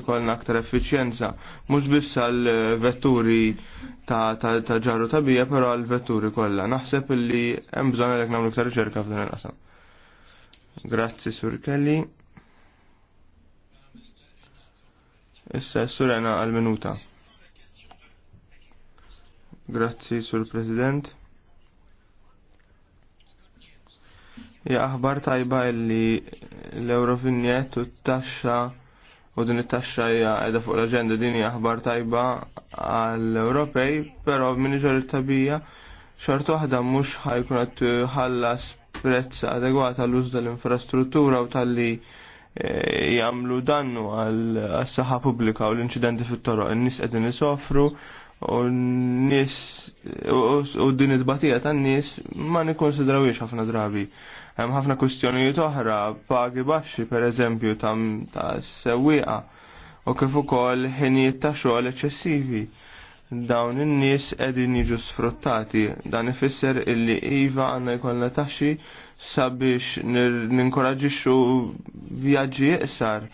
jkollna aktar effiċjenza. Mhux biss għal vetturi ta', ġarru ta' bija, però għal vetturi kollha. Naħseb li hemm bżonn għalhekk nagħmlu aktar riċerka f'dan il-qasam. Grazzi Sur Kelly. Issa Surena għal-minuta. Grazzi, Sur President. Ja, aħbar tajba li l-Eurovinjet u t-taxxa u din it-taxxa hija qiegħda fuq l-aġenda din hija aħbar tajba għall-Ewropej, però iġor it-tabija xart waħda mhux ħajkun qed ħallas prezz adegwat għall uż tal-infrastruttura u tal-li e, jagħmlu dannu għall saħħa pubblika u l-inċidenti fit-toroq in-nies qegħdin isofru u nis u din it-batija tan-nies ma nikkonsidrawiex ħafna drabi hemm ħafna kwistjonijiet oħra, pagi baxxi pereżempju tam ta' sewwieqa u kif ukoll ħinijiet ta' xogħol eċċessivi. Dawn in-nies qegħdin jiġu sfruttati, dan ifisser illi iva għandna jkollna taxxi sabiex ninkoraġixxu vjaġġi iqsar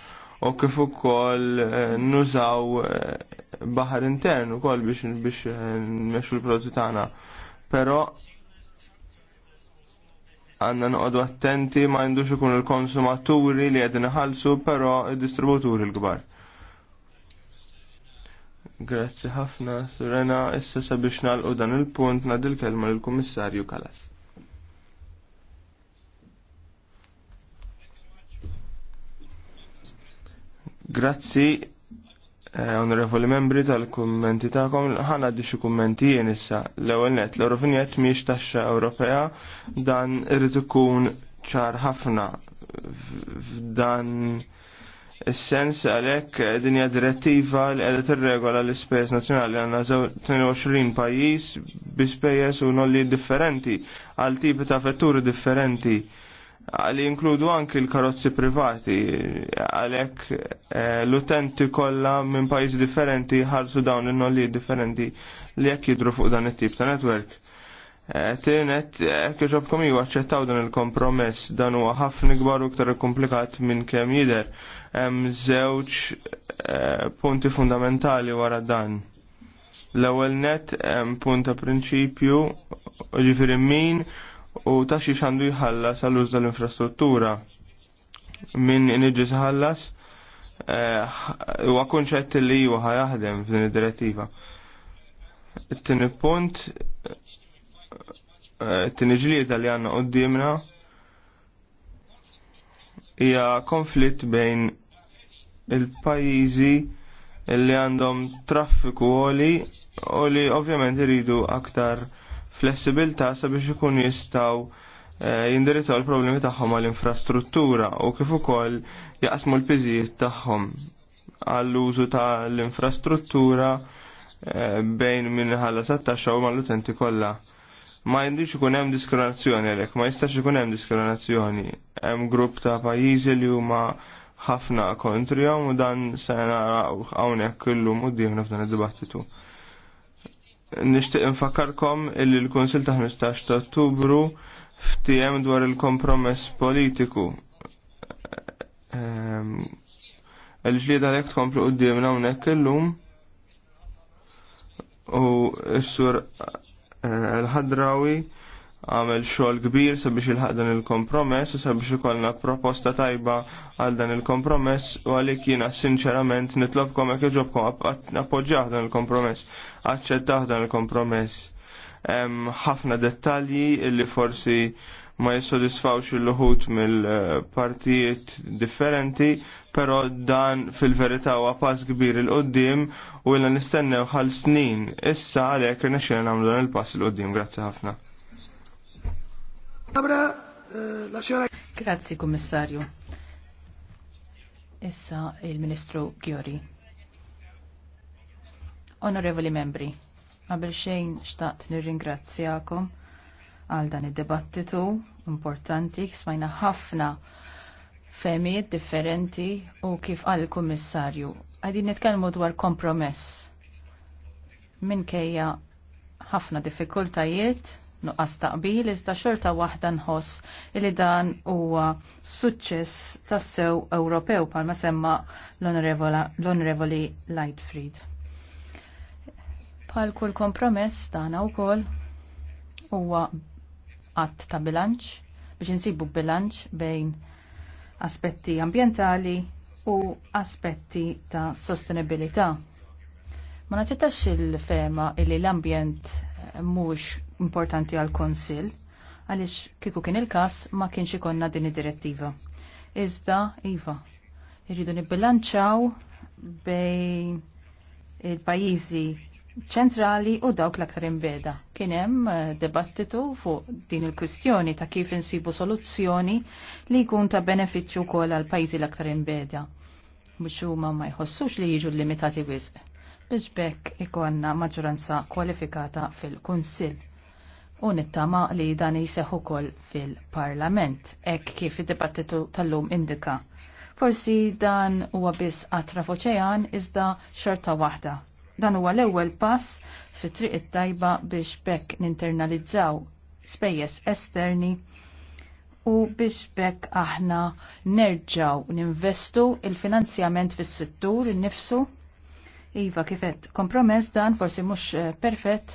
u kif ukoll eh, nużaw eh, baħar intern ukoll biex biex eh, nmexxu l-prodotti tagħna. Però għandna noqogħdu attenti ma jindux ikun il-konsumaturi li qegħdin iħallsu però id-distributuri l-kbar. Grazzi ħafna, Surena, issa sabiex nalqu dan il-punt nadil kelma lill kummissarju Kalas. Grazzi, eh, onorevoli membri tal-kummenti ta'kom, ħana għaddi xi kummenti jien issa. L-ewwel net, l-Eurovinjet miex taxxa Ewropea dan irid ikun ċar ħafna f'dan Is-sens għalhekk din hija direttiva li qed tirregola l-ispejjeż nazzjonali għandna 22 pajjiż bi spejjeż u nolli differenti għal tipi ta' vetturi differenti li inkludu anki l-karozzi privati għalek eh, l-utenti kollha minn pajis differenti ħarsu dawn in-nolli differenti li jekk jidru fuq dan it-tip ta' netwerk. Eh, Tinet, jekk eh, iġobkom ju għacċettaw dan il-kompromess, dan huwa ħafna gbar u komplikat minn kemm jider. Hemm żewġ punti fundamentali wara dan. L-ewwel net hemm punt ta' prinċipju, ġifieri min u ta' xiex għandu jħallas għall-uż dal-infrastruttura. Min inġis ħallas eh, huwa kunċett li u jaħdem f'din id-direttiva. Tini punt eh, tini ġlieda li għanna d-dimna, hija konflitt bejn il-pajjiżi li għandhom traffiku għoli u li ovvjament iridu aktar flessibilità sabiex ikun jistgħu eh, jindirizzaw il-problemi tagħhom għall-infrastruttura u kif ukoll jaqsmu l-piżijiet tagħhom għall-użu tal-infrastruttura eh, bejn minn ħalla taxxa u mal-utenti kollha. Ma jindix ikun hemm diskriminazzjoni għalhekk, ma jistax ikun hemm diskriminazzjoni. Hemm grupp ta' pajjiżi li huma ħafna kontrihom u dan se naraw hawnhekk illum qudiemna f'dan id-dibattitu nixtieq infakarkom illi l-Kunsil ta' 15 ta' Ottubru ftiem dwar il-kompromess politiku. Il-ġlieda ehm, għalhekk tkomplu d-dimna hawnhekk illum u s-sur eh, l-Ħadrawi għamel xogħol kbir sabiex ilħaq dan il-kompromess u sabiex ikollna proposta tajba għal dan il-kompromess u għalik jiena sinċerament nitlobkom jekk iġobkom appoġġjah dan il-kompromess, aċċettah dan il-kompromess. Hemm ħafna dettalji li forsi ma jissodisfawx il-luħut mill-partijiet differenti, pero dan fil-verità huwa pass kbir il-qoddim u illa nistennew ħal snin. Issa għalhekk irnexxina nagħmlu il-pass il-qoddim. Grazzi ħafna. Eh, Grazzi, Kummissarju. Issa il-Ministru Gjori. Onorevoli membri, qabel xejn xtaqt nirringrazzjakom għal dan id-dibattitu importanti, smajna ħafna femijiet differenti u kif għal kummissarju. Għadin nitkellmu dwar kompromess minkejja ħafna diffikultajiet nuqqas taqbil iżda xorta waħda nħoss li dan huwa suċċess tas-sew Ewropew palma semma l-Onorevoli Lightfried. Pal kull kompromess tagħna wkoll huwa qatt ta' bilanċ biex insibu bilanċ bejn aspetti ambjentali u aspetti ta' sostenibilità. Ma naċċettax il-fema illi l-ambjent mhux importanti għal konsil għaliex kieku kien il-każ ma kienx ikonna din id-direttiva. Iżda, iva, irridu nibbilanċaw bejn il-pajjiżi ċentrali u dawk l-aktar imbeda. Kien hemm eh, debattitu fuq din il-kwistjoni ta' kif insibu soluzzjoni li jkun ta' benefiċċju wkoll għal pajjiżi l-aktar imbeda biex huma ma jħossux li jiġu limitati wisq biex bekk ikonna maġġoranza kwalifikata fil-Kunsill. U nittama li dan jiseħ ukoll fil-Parlament, hekk kif id-dibattitu tal-lum indika. Forsi dan huwa biss qatra f'oċean iżda xorta waħda. Dan huwa l-ewwel pass fi triq it-tajba biex bekk ninternalizzaw spejjeż esterni u biex bekk aħna nerġaw ninvestu il-finanzjament fis-settur innifsu Iva, kifet, kompromess dan forsi mhux eh, perfett,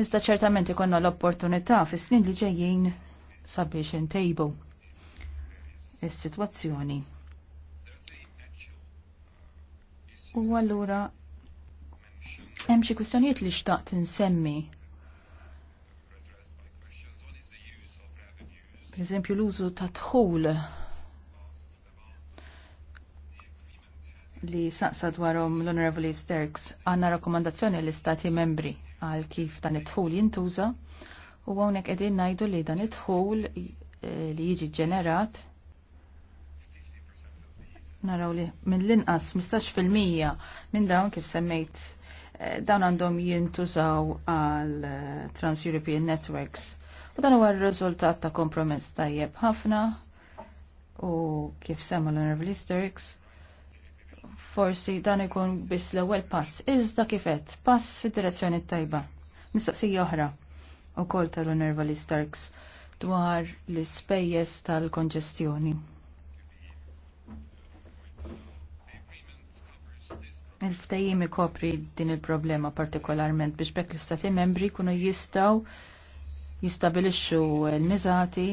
iżda ċertament ikonna l-opportunità fis snin li ġejjin sabiex intejbu is-sitwazzjoni. U allura hemm xi kwistjonijiet li xtaqt insemmi. Per eżempju l-użu ta' dħul li saqsa dwarhom l honorable Sterks għandna rakkomandazzjoni l-Istati membri għal kif dan it-tħul jintuża u hawnhekk qegħdin ngħidu li dan it-tħul eh, li jiġi ġenerat naraw li minn l-inqas 15% minn dawn kif semmejt eh, dawn għandhom jintużaw għal eh, Trans-European Networks. U dan huwa r-riżultat ta' kompromess tajjeb ħafna u kif semma l honorable Sterks forsi dan ikun biss l-ewwel pass. Iżda kifet, pass fid-direzzjoni tajba. Mistaqsija oħra wkoll tal-Unerva li Starks dwar l-ispejjeż tal-konġestjoni. Il-ftajim ikopri din il-problema partikolarment biex bekk l-istati membri kunu jistaw jistabilixxu l-miżati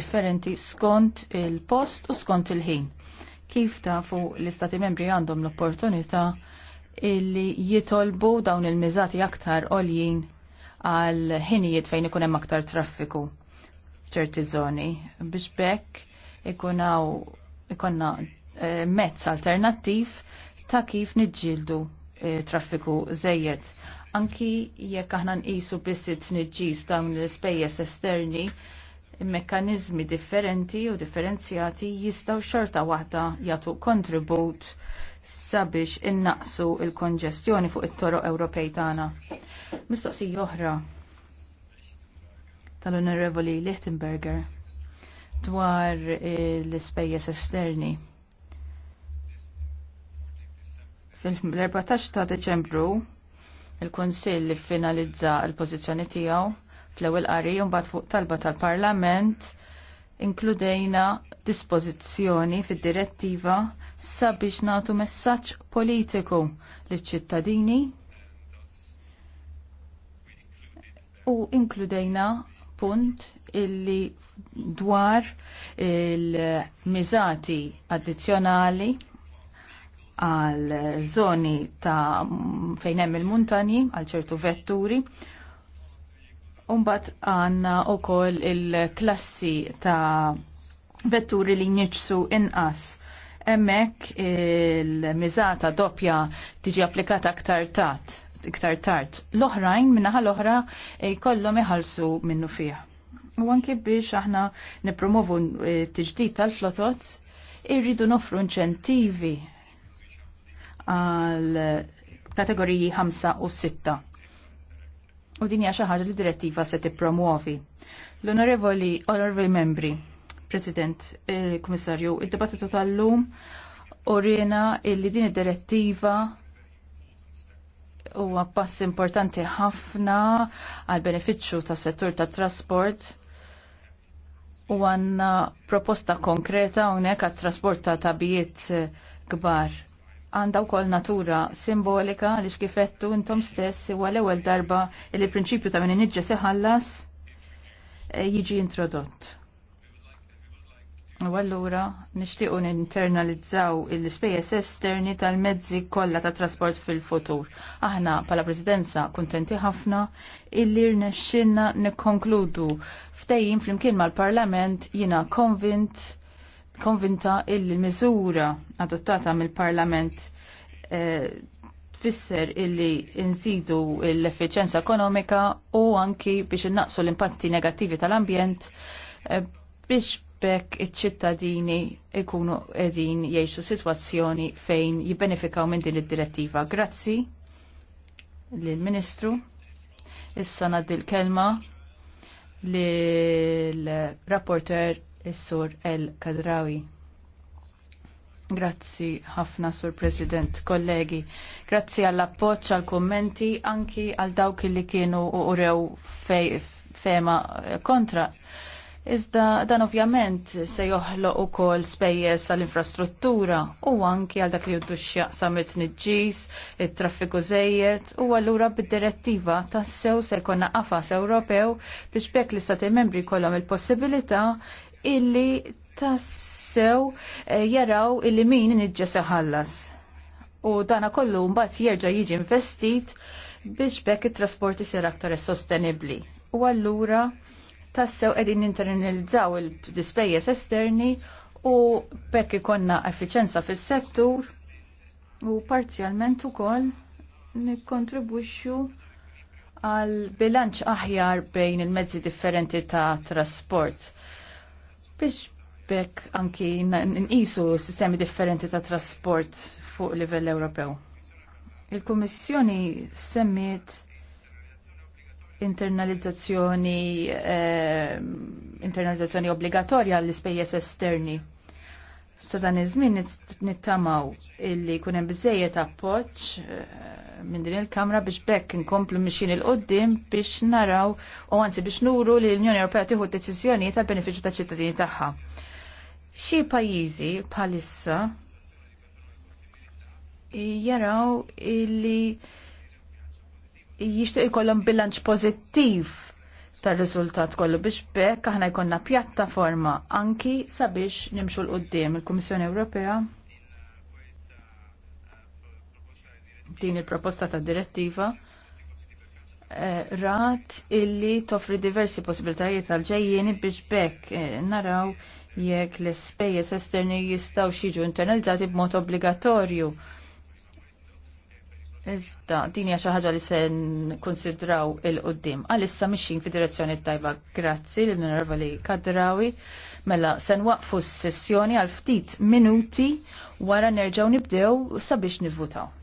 differenti skont il-post u skont il-ħin. Kif tafu l-Istati membri għandhom l-opportunità illi jitolbu dawn il-miżati aktar oljin għal ħinijiet fejn ikun hemm aktar traffiku f'ċerti żoni biex bekk ikunaw ikonna eh, mezz alternattiv ta' kif niġġieldu eh, traffiku żejjed. Anki jekk aħna nqisu biss it-tniġġis dawn l-ispejjeż esterni mekkanizmi differenti u differenzjati jistaw xorta waħda jagħtu kontribut sabiex innaqsu l konġestjoni fuq it-toroq Ewropej tagħna. Mistoqsija oħra tal-Onorevoli Lichtenberger dwar eh, l-ispejjeż esterni. Fil-14 ta' Deċembru il kunsill finalizza l-pożizzjoni tiegħu fl-ewwel qari u mbagħad fuq talba tal-Parlament inkludejna dispożizzjoni fid-direttiva sabiex nagħtu messaġġ politiku liċ-ċittadini u inkludejna punt illi dwar il-miżati addizzjonali għal żoni ta' fejn hemm il-muntani għal ċertu vetturi Umbat għanna u koll il-klassi ta' vetturi li njiċsu inqas. Emmek il-mizata doppja tiġi applikata aktar tat, iktar tard. L-oħrajn minnaħa l-oħra jkollhom eh, iħallsu minnu fih. U anki biex aħna nipromovu eh, t tal-flotot, irridu nofru inċentivi għal kategoriji 5 u 6 u din hija xi ħaġa li direttiva se tippromuovi. L-onorevoli onorevoli membri, President, il-Kummissarju, eh, il-dibattitu tal-lum orjena illi din id-direttiva huwa pass importanti ħafna għal benefiċċju tas-settur tat-trasport u għanna proposta konkreta unek għat trasport ta' tabijiet kbar għanda u koll natura simbolika li xkifettu intom stess u l-ewwel darba li prinċipju ta' minn inġġa seħallas eh, jiġi introdott. U allura nixtiequ ninternalizzaw il-spejjeż esterni tal-mezzi kollha ta' trasport fil-futur. Aħna pala Presidenza kuntenti ħafna illi rnexxinna nikkonkludu ftejjin flimkien mal-Parlament jiena konvint konvinta illi l-miżura adottata mill-Parlament eh, tfisser illi nżidu l-effiċenza ekonomika u anki biex innaqsu l-impatti negattivi tal-ambjent eh, biex bekk iċ-ċittadini ikunu edin jiexu situazzjoni fejn jibbenefikaw minn din id-direttiva. Grazzi lill-Ministru. Issa naddi l-kelma lill-rapporter is sur El Kadrawi. Grazzi ħafna Sur President, kollegi. Grazzi għall appoġġ għall kummenti anki għal dawk li kienu u rew fema kontra. Iżda dan ovvjament se joħloq ukoll spejjeż għall infrastruttura u anki għal dak li juddu x'jaqsam it-tniġġis, it-traffiku żejjed u allura bid-direttiva tassew se jkollna qafas Ewropew biex bekk l-istati membri jkollhom il-possibilità illi tassew eh, jaraw illi min nidġa seħallas. U dana kollu mbagħad jerġa' jiġi investit biex bekk it trasporti sir aktar sostenibbli. U allura tassew qegħdin internalizzaw il-dispejjeż esterni u bekk ikonna effiċenza fis-settur u parzjalment ukoll nikkontribwixxu għal bilanċ aħjar bejn il-mezzi differenti ta' trasport biex bekk anki nqisu sistemi differenti ta' trasport fuq livell Ewropew. Il-Kummissjoni semmiet internalizzazzjoni eh, internalizzazzjoni obbligatorja għall ispejjeż esterni Sa dan iż-żmien nittamaw illi jkun hemm biżejjed appoġġ eh, minn din il-Kamra biex bekk inkomplu mixin il-qoddim biex naraw u anzi biex nuru li l-Unjoni Ewropea tieħu deċiżjoni ta' benefiċċju taċ-ċittadini tagħha. Xi pajjiżi bħalissa jaraw illi jixtieq ikollhom bilanċ pożittiv tar-riżultat kollu biex bekk aħna jkollna pjattaforma anki sabiex nimxu l-qoddim il-Kummissjoni Ewropea din il-proposta ta' direttiva eh, rat illi toffri diversi possibilitajiet tal ġejjeni biex bekk eh, naraw jekk l ispejjeż esterni jistgħu jiġu internalizzati b'mod obbligatorju Iżda, din hija xi ħaġa li se nkonsidraw il-qoddim. Għalissa mixin fi direzzjoni tajba. Grazzi l li Kadrawi. Mela, se nwaqfu s-sessjoni għal ftit minuti wara nerġgħu nibdew sabiex nivvutaw.